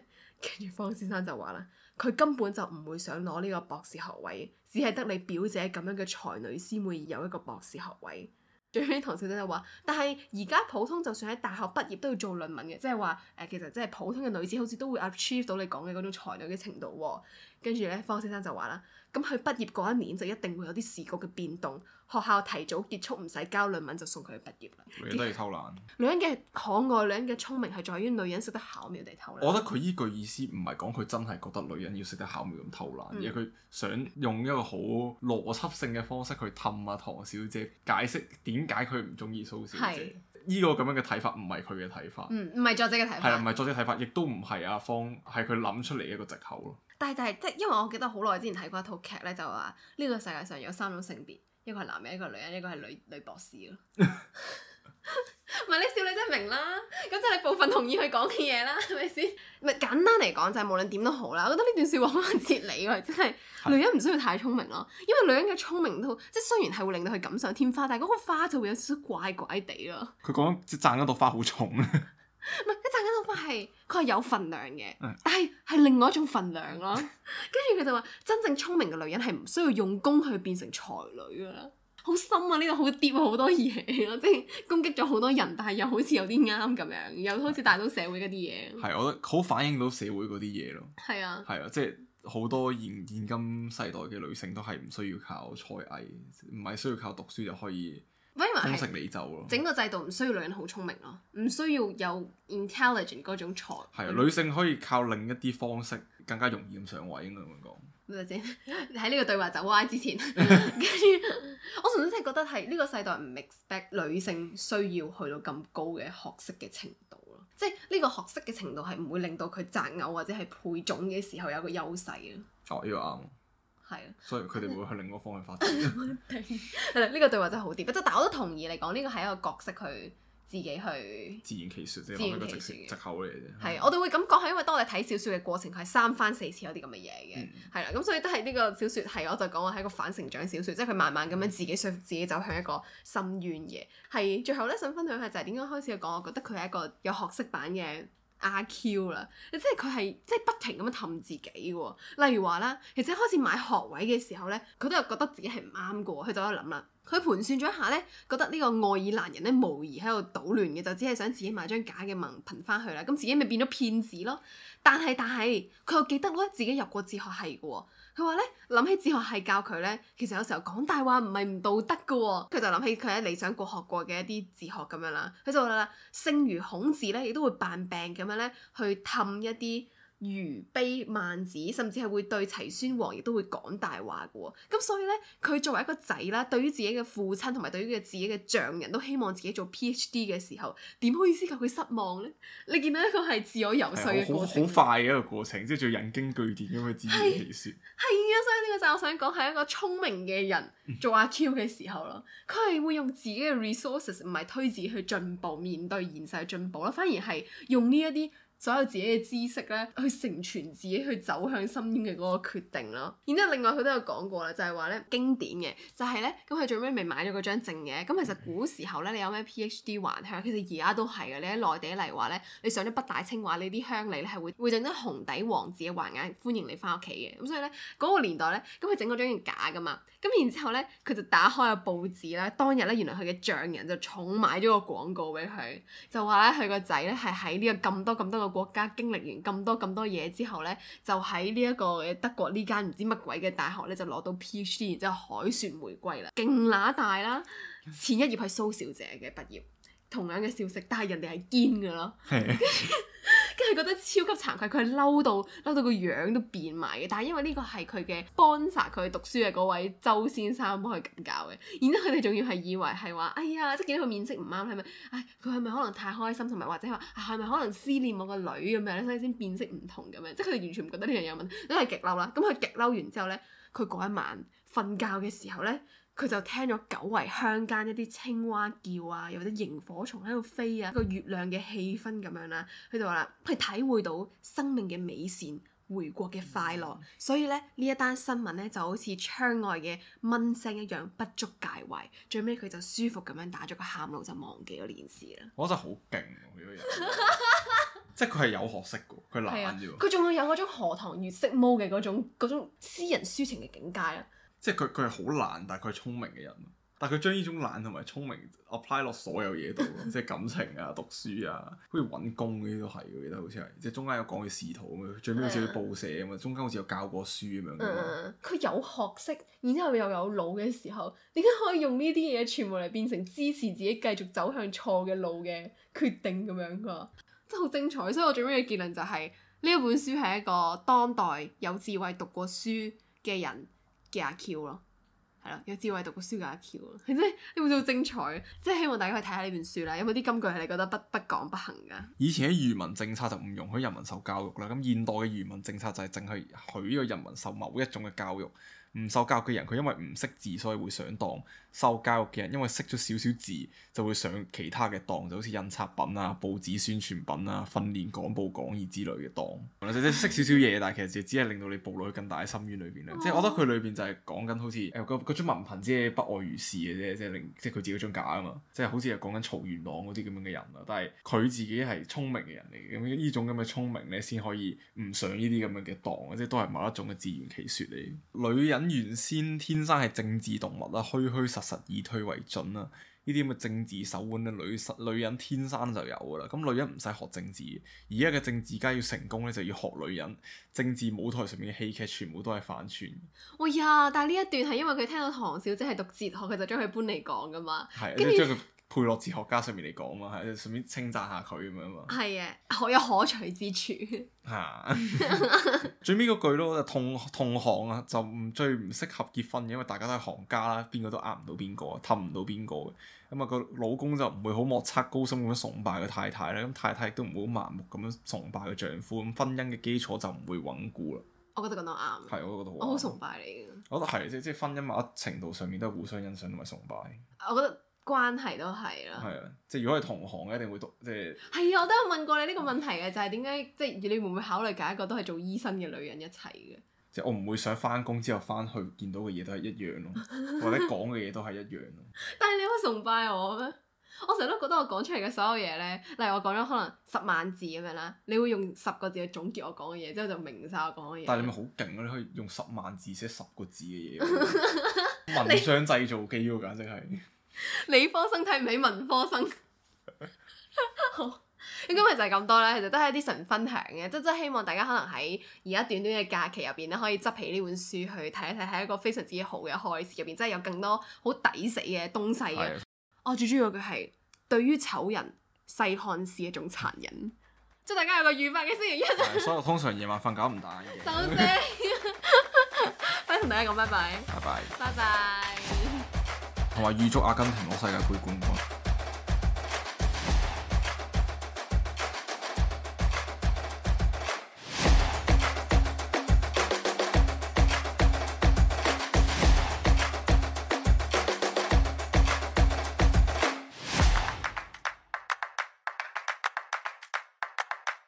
跟住方先生就話啦，佢根本就唔會想攞呢個博士學位，只係得你表姐咁樣嘅才女先會有一個博士學位。最尾唐小姐就話，但係而家普通就算喺大學畢業都要做論文嘅，即係話誒，其實即係普通嘅女子好似都會 achieve 到你講嘅嗰種才女嘅程度喎、哦。跟住咧，方先生就話啦，咁佢畢業嗰一年就一定會有啲時局嘅變動，學校提早結束，唔使交論文就送佢去畢業啦。女人偷懶，女人嘅可愛，女人嘅聰明係在於女人識得巧妙地偷懶。我覺得佢依句意思唔係講佢真係覺得女人要識得巧妙咁偷懶，嗯、而係佢想用一個好邏輯性嘅方式去氹阿、啊、唐小姐解釋點解佢唔中意蘇小姐。依是個咁樣嘅睇法唔係佢嘅睇法，唔係、嗯、作者嘅睇法，係啊，唔係作者嘅睇法，亦都唔係阿方係佢諗出嚟一個藉口咯。但係就係即係，因為我記得好耐之前睇過一套劇咧，就話呢個世界上有三種性別，一個係男人，一個女人，一個係女女博士咯。唔係 你少女真係明啦，咁即係你部分同意佢講嘅嘢啦，係咪先？唔 係簡單嚟講就係、是、無論點都好啦，我覺得呢段說話好哲理㗎，即係女人唔需要太聰明咯，因為女人嘅聰明都即係雖然係會令到佢錦上添花，但係嗰個花就會有少少怪怪地咯。佢講賺到花好重。蟲。 唔係一陣間諗返係，佢係有份量嘅，嗯、但係係另外一種份量咯。跟住佢就話：真正聰明嘅女人係唔需要用功去變成才女噶啦，好深啊！呢度好啲好、啊、多嘢，即係攻擊咗好多人，但係又好似有啲啱咁樣，又好似大到社會嗰啲嘢。係、啊，我覺得好反映到社會嗰啲嘢咯。係啊，係啊，即係好多現現今世代嘅女性都係唔需要靠才藝，唔係需要靠讀書就可以。方式嚟走咯，整個制度唔需要女人好聰明咯、啊，唔需要有 intelligent 嗰種才。女性可以靠另一啲方式更加容易咁上位應該咁講。咩先？喺呢個對話走歪之前，跟住 我純粹真係覺得係呢、這個世代唔 expect 女性需要去到咁高嘅學識嘅程度咯，即係呢個學識嘅程度係唔會令到佢擇偶或者係配種嘅時候有個優勢嘅。哦，要、這、啱、個。係，所以佢哋會去另一個方向發展。係啦， 呢、這個對話真係好啲，即但我都同意你講，呢個係一個角色去自己去自然其説，自然其説藉口嚟嘅，係，我哋會咁講係因為當我哋睇小説嘅過程係三番四次有啲咁嘅嘢嘅，係啦、嗯，咁所以都係呢個小説係我就講話係一個反成長小説，即係佢慢慢咁樣自己想，自己走向一個深淵嘅。係最後咧，想分享下就係點解開始講，我覺得佢係一個有學識版嘅。阿 Q 啦，即係佢係即係不停咁樣氹自己喎。例如話啦，其實開始買學位嘅時候咧，佢都係覺得自己係唔啱嘅喎。佢就喺度諗啦，佢盤算咗一下咧，覺得呢個愛爾蘭人咧，無疑喺度搗亂嘅，就只係想自己買張假嘅文憑翻去啦。咁自己咪變咗騙子咯。但係但係，佢又記得咧，自己入過哲學系嘅喎。佢話咧，諗起哲學係教佢咧，其實有時候講大話唔係唔道德㗎喎、哦。佢就諗起佢喺理想國學過嘅一啲哲學咁樣啦，佢就話啦，聖如孔子咧，亦都會扮病咁樣咧，去氹一啲愚悲萬子，甚至係會對齊宣王亦都會講大話㗎喎。咁所以呢，佢作為一個仔啦，對於自己嘅父親同埋對於佢自己嘅丈人都希望自己做 PhD 嘅時候，點可以思及佢失望呢？你見到一個係自我游説嘅過程，好快嘅一個過程，即係用引經據典咁去自圓其說。係啊，所以呢個就係我想講係一個聰明嘅人做阿 Q 嘅時候咯，佢係、嗯、會用自己嘅 resources 唔係推自己去進步，面對現實去進步啦，反而係用呢一啲。所有自己嘅知識咧，去成全自己去走向深淵嘅嗰個決定咯。然之後另外佢都有講過啦，就係話咧經典嘅，就係咧咁佢最尾咪買咗嗰張證嘅。咁其實古時候咧，你有咩 PhD 還鄉，其實而家都係嘅。你喺內地嚟話咧，你上咗北大清華，你啲鄉里咧係會會整啲紅底黃字嘅橫額歡迎你翻屋企嘅。咁所以咧嗰個年代咧，咁佢整嗰張係假噶嘛。咁然之後咧，佢就打開個報紙咧，當日咧原來佢嘅丈人就重買咗個廣告俾佢，就話咧佢個仔咧係喺呢個咁多咁多個。國家經歷完咁多咁多嘢之後呢，就喺呢一個德國呢間唔知乜鬼嘅大學呢，就攞到 PhD，然之後凱旋回歸啦，勁乸大啦！前一頁係蘇小姐嘅畢業。同樣嘅消息，但係人哋係堅嘅咯，跟住跟住覺得超級慚愧，佢係嬲到嬲到個樣都變埋嘅。但係因為呢個係佢嘅 sponsor，佢讀書嘅嗰位周先生幫佢咁教嘅。然之後佢哋仲要係以為係話，哎呀，即係見到佢面色唔啱，係咪？唉、哎，佢係咪可能太開心，同埋或者話係咪可能思念我個女咁樣所以先面色唔同咁樣？即係佢哋完全唔覺得呢樣嘢有問題，因為極嬲啦。咁佢極嬲完之後呢，佢嗰一晚瞓覺嘅時候呢。佢就聽咗久違鄉間一啲青蛙叫啊，或者螢火蟲喺度飛啊，一個月亮嘅氣氛咁樣啦、啊，佢就話啦，佢體會到生命嘅美善，回國嘅快樂。嗯、所以咧呢一單新聞咧就好似窗外嘅蚊聲一樣不足介懷。最尾佢就舒服咁樣打咗個喊路就忘記咗件事啦。我覺得好勁喎，佢個人，即係佢係有學識嘅喎，佢懶啫喎。佢仲會有嗰種荷塘月色 m 嘅嗰種私人抒情嘅境界啊！即係佢佢係好懶，但係佢係聰明嘅人。但係佢將呢種懶同埋聰明 apply 落所有嘢度，即係感情啊、讀書啊，好似揾工呢啲都係嘅。記得好似係，即係中間有講佢仕途咁樣，最尾好似要報社咁啊。嗯、中間好似有教過書咁、嗯、樣。佢有學識，然之後又有腦嘅時候，點解可以用呢啲嘢全部嚟變成支持自己繼續走向錯嘅路嘅決定咁樣㗎？真係好精彩！所以我最尾嘅結論就係、係、呢一本書係一個當代有智慧讀過書嘅人。嘅阿 Q 咯，係咯，有智慧讀過書嘅阿 Q 咯，係真係，呢本書好精彩，即係希望大家可以睇下呢本書啦，有冇啲金句係你覺得不不講不行㗎？以前嘅愚民政策就唔容許人民受教育啦，咁現代嘅愚民政策就係淨係許呢個人民受某一種嘅教育。唔受教育嘅人，佢因為唔識字，所以會上當；受教育嘅人，因為識咗少少字，就會上其他嘅當，就好似印刷品啊、報紙宣傳品啊、訓練廣報講義之類嘅當。即係、嗯、識少少嘢，但係其實就只係令到你步入更大嘅深淵裏邊啦。嗯、即係我覺得佢裏邊就係講緊好似誒個嗰張文憑即係不外如是嘅啫，即係令即係佢自己張假啊嘛。即係好似係講緊曹元朗嗰啲咁樣嘅人啦，但係佢自己係聰明嘅人嚟嘅，咁呢種咁嘅聰明咧，先可以唔上呢啲咁樣嘅當，即係都係某一種嘅自圓其説嚟。女人，原先天生係政治動物啦，虛虛實實以退為進啦，呢啲咁嘅政治手腕咧，女女人天生就有噶啦。咁女人唔使學政治。而家嘅政治家要成功咧，就要學女人。政治舞台上面嘅戲劇全部都係反串。哎呀，但係呢一段係因為佢聽到唐小姐係讀哲學，佢就將佢搬嚟講噶嘛。係、啊，跟住配洛哲學家上面嚟講啊，係順便稱讚下佢咁樣嘛。係啊，好有可取之處。係 最尾嗰句咯，同同行啊，就唔最唔適合結婚，因為大家都係行家啦，邊個都呃唔到邊個，氹唔到邊個咁啊，個老公就唔會好莫測高深咁樣崇拜個太太啦。咁太太亦都唔會好盲目咁樣崇拜個丈夫，咁婚姻嘅基礎就唔會穩固啦。我覺得咁都啱。係，我覺得好崇拜你嘅。我覺得係即即婚姻某程度上面都係互相欣賞同埋崇拜。我覺得。關係都係啦，係啊，即係如果係同行一定會讀即係。係啊，我都有問過你呢個問題嘅，嗯、就係點解即係你會唔會考慮揀一個都係做醫生嘅女人一齊嘅？即係我唔會想翻工之後翻去見到嘅嘢都係一樣咯， 或者講嘅嘢都係一樣咯。但係你好崇拜我咩？我成日都覺得我講出嚟嘅所有嘢咧，例如我講咗可能十萬字咁樣啦，你會用十個字去總結我講嘅嘢，之後就明晒我講嘅嘢。但係你咪好勁啊，你可以用十萬字寫十個字嘅嘢， 文章製造機喎，啊，簡直係。理科生睇唔起文科生，好，咁今日就係咁多啦，其實都係一啲神分享嘅，即係希望大家可能喺而家短短嘅假期入邊咧，可以執起呢本書去睇一睇，係一個非常之好嘅開始面，入邊真係有更多好抵死嘅東西嘅是的、哦。我最中意嘅句係，對於醜人細看是一種殘忍，即係大家有個愉快嘅星期一。所以我通常夜晚瞓覺唔打嘅。收聲掃聲，拜 同大家講拜拜。拜拜。拜拜。拜拜同埋預祝阿根廷攞世界盃冠軍。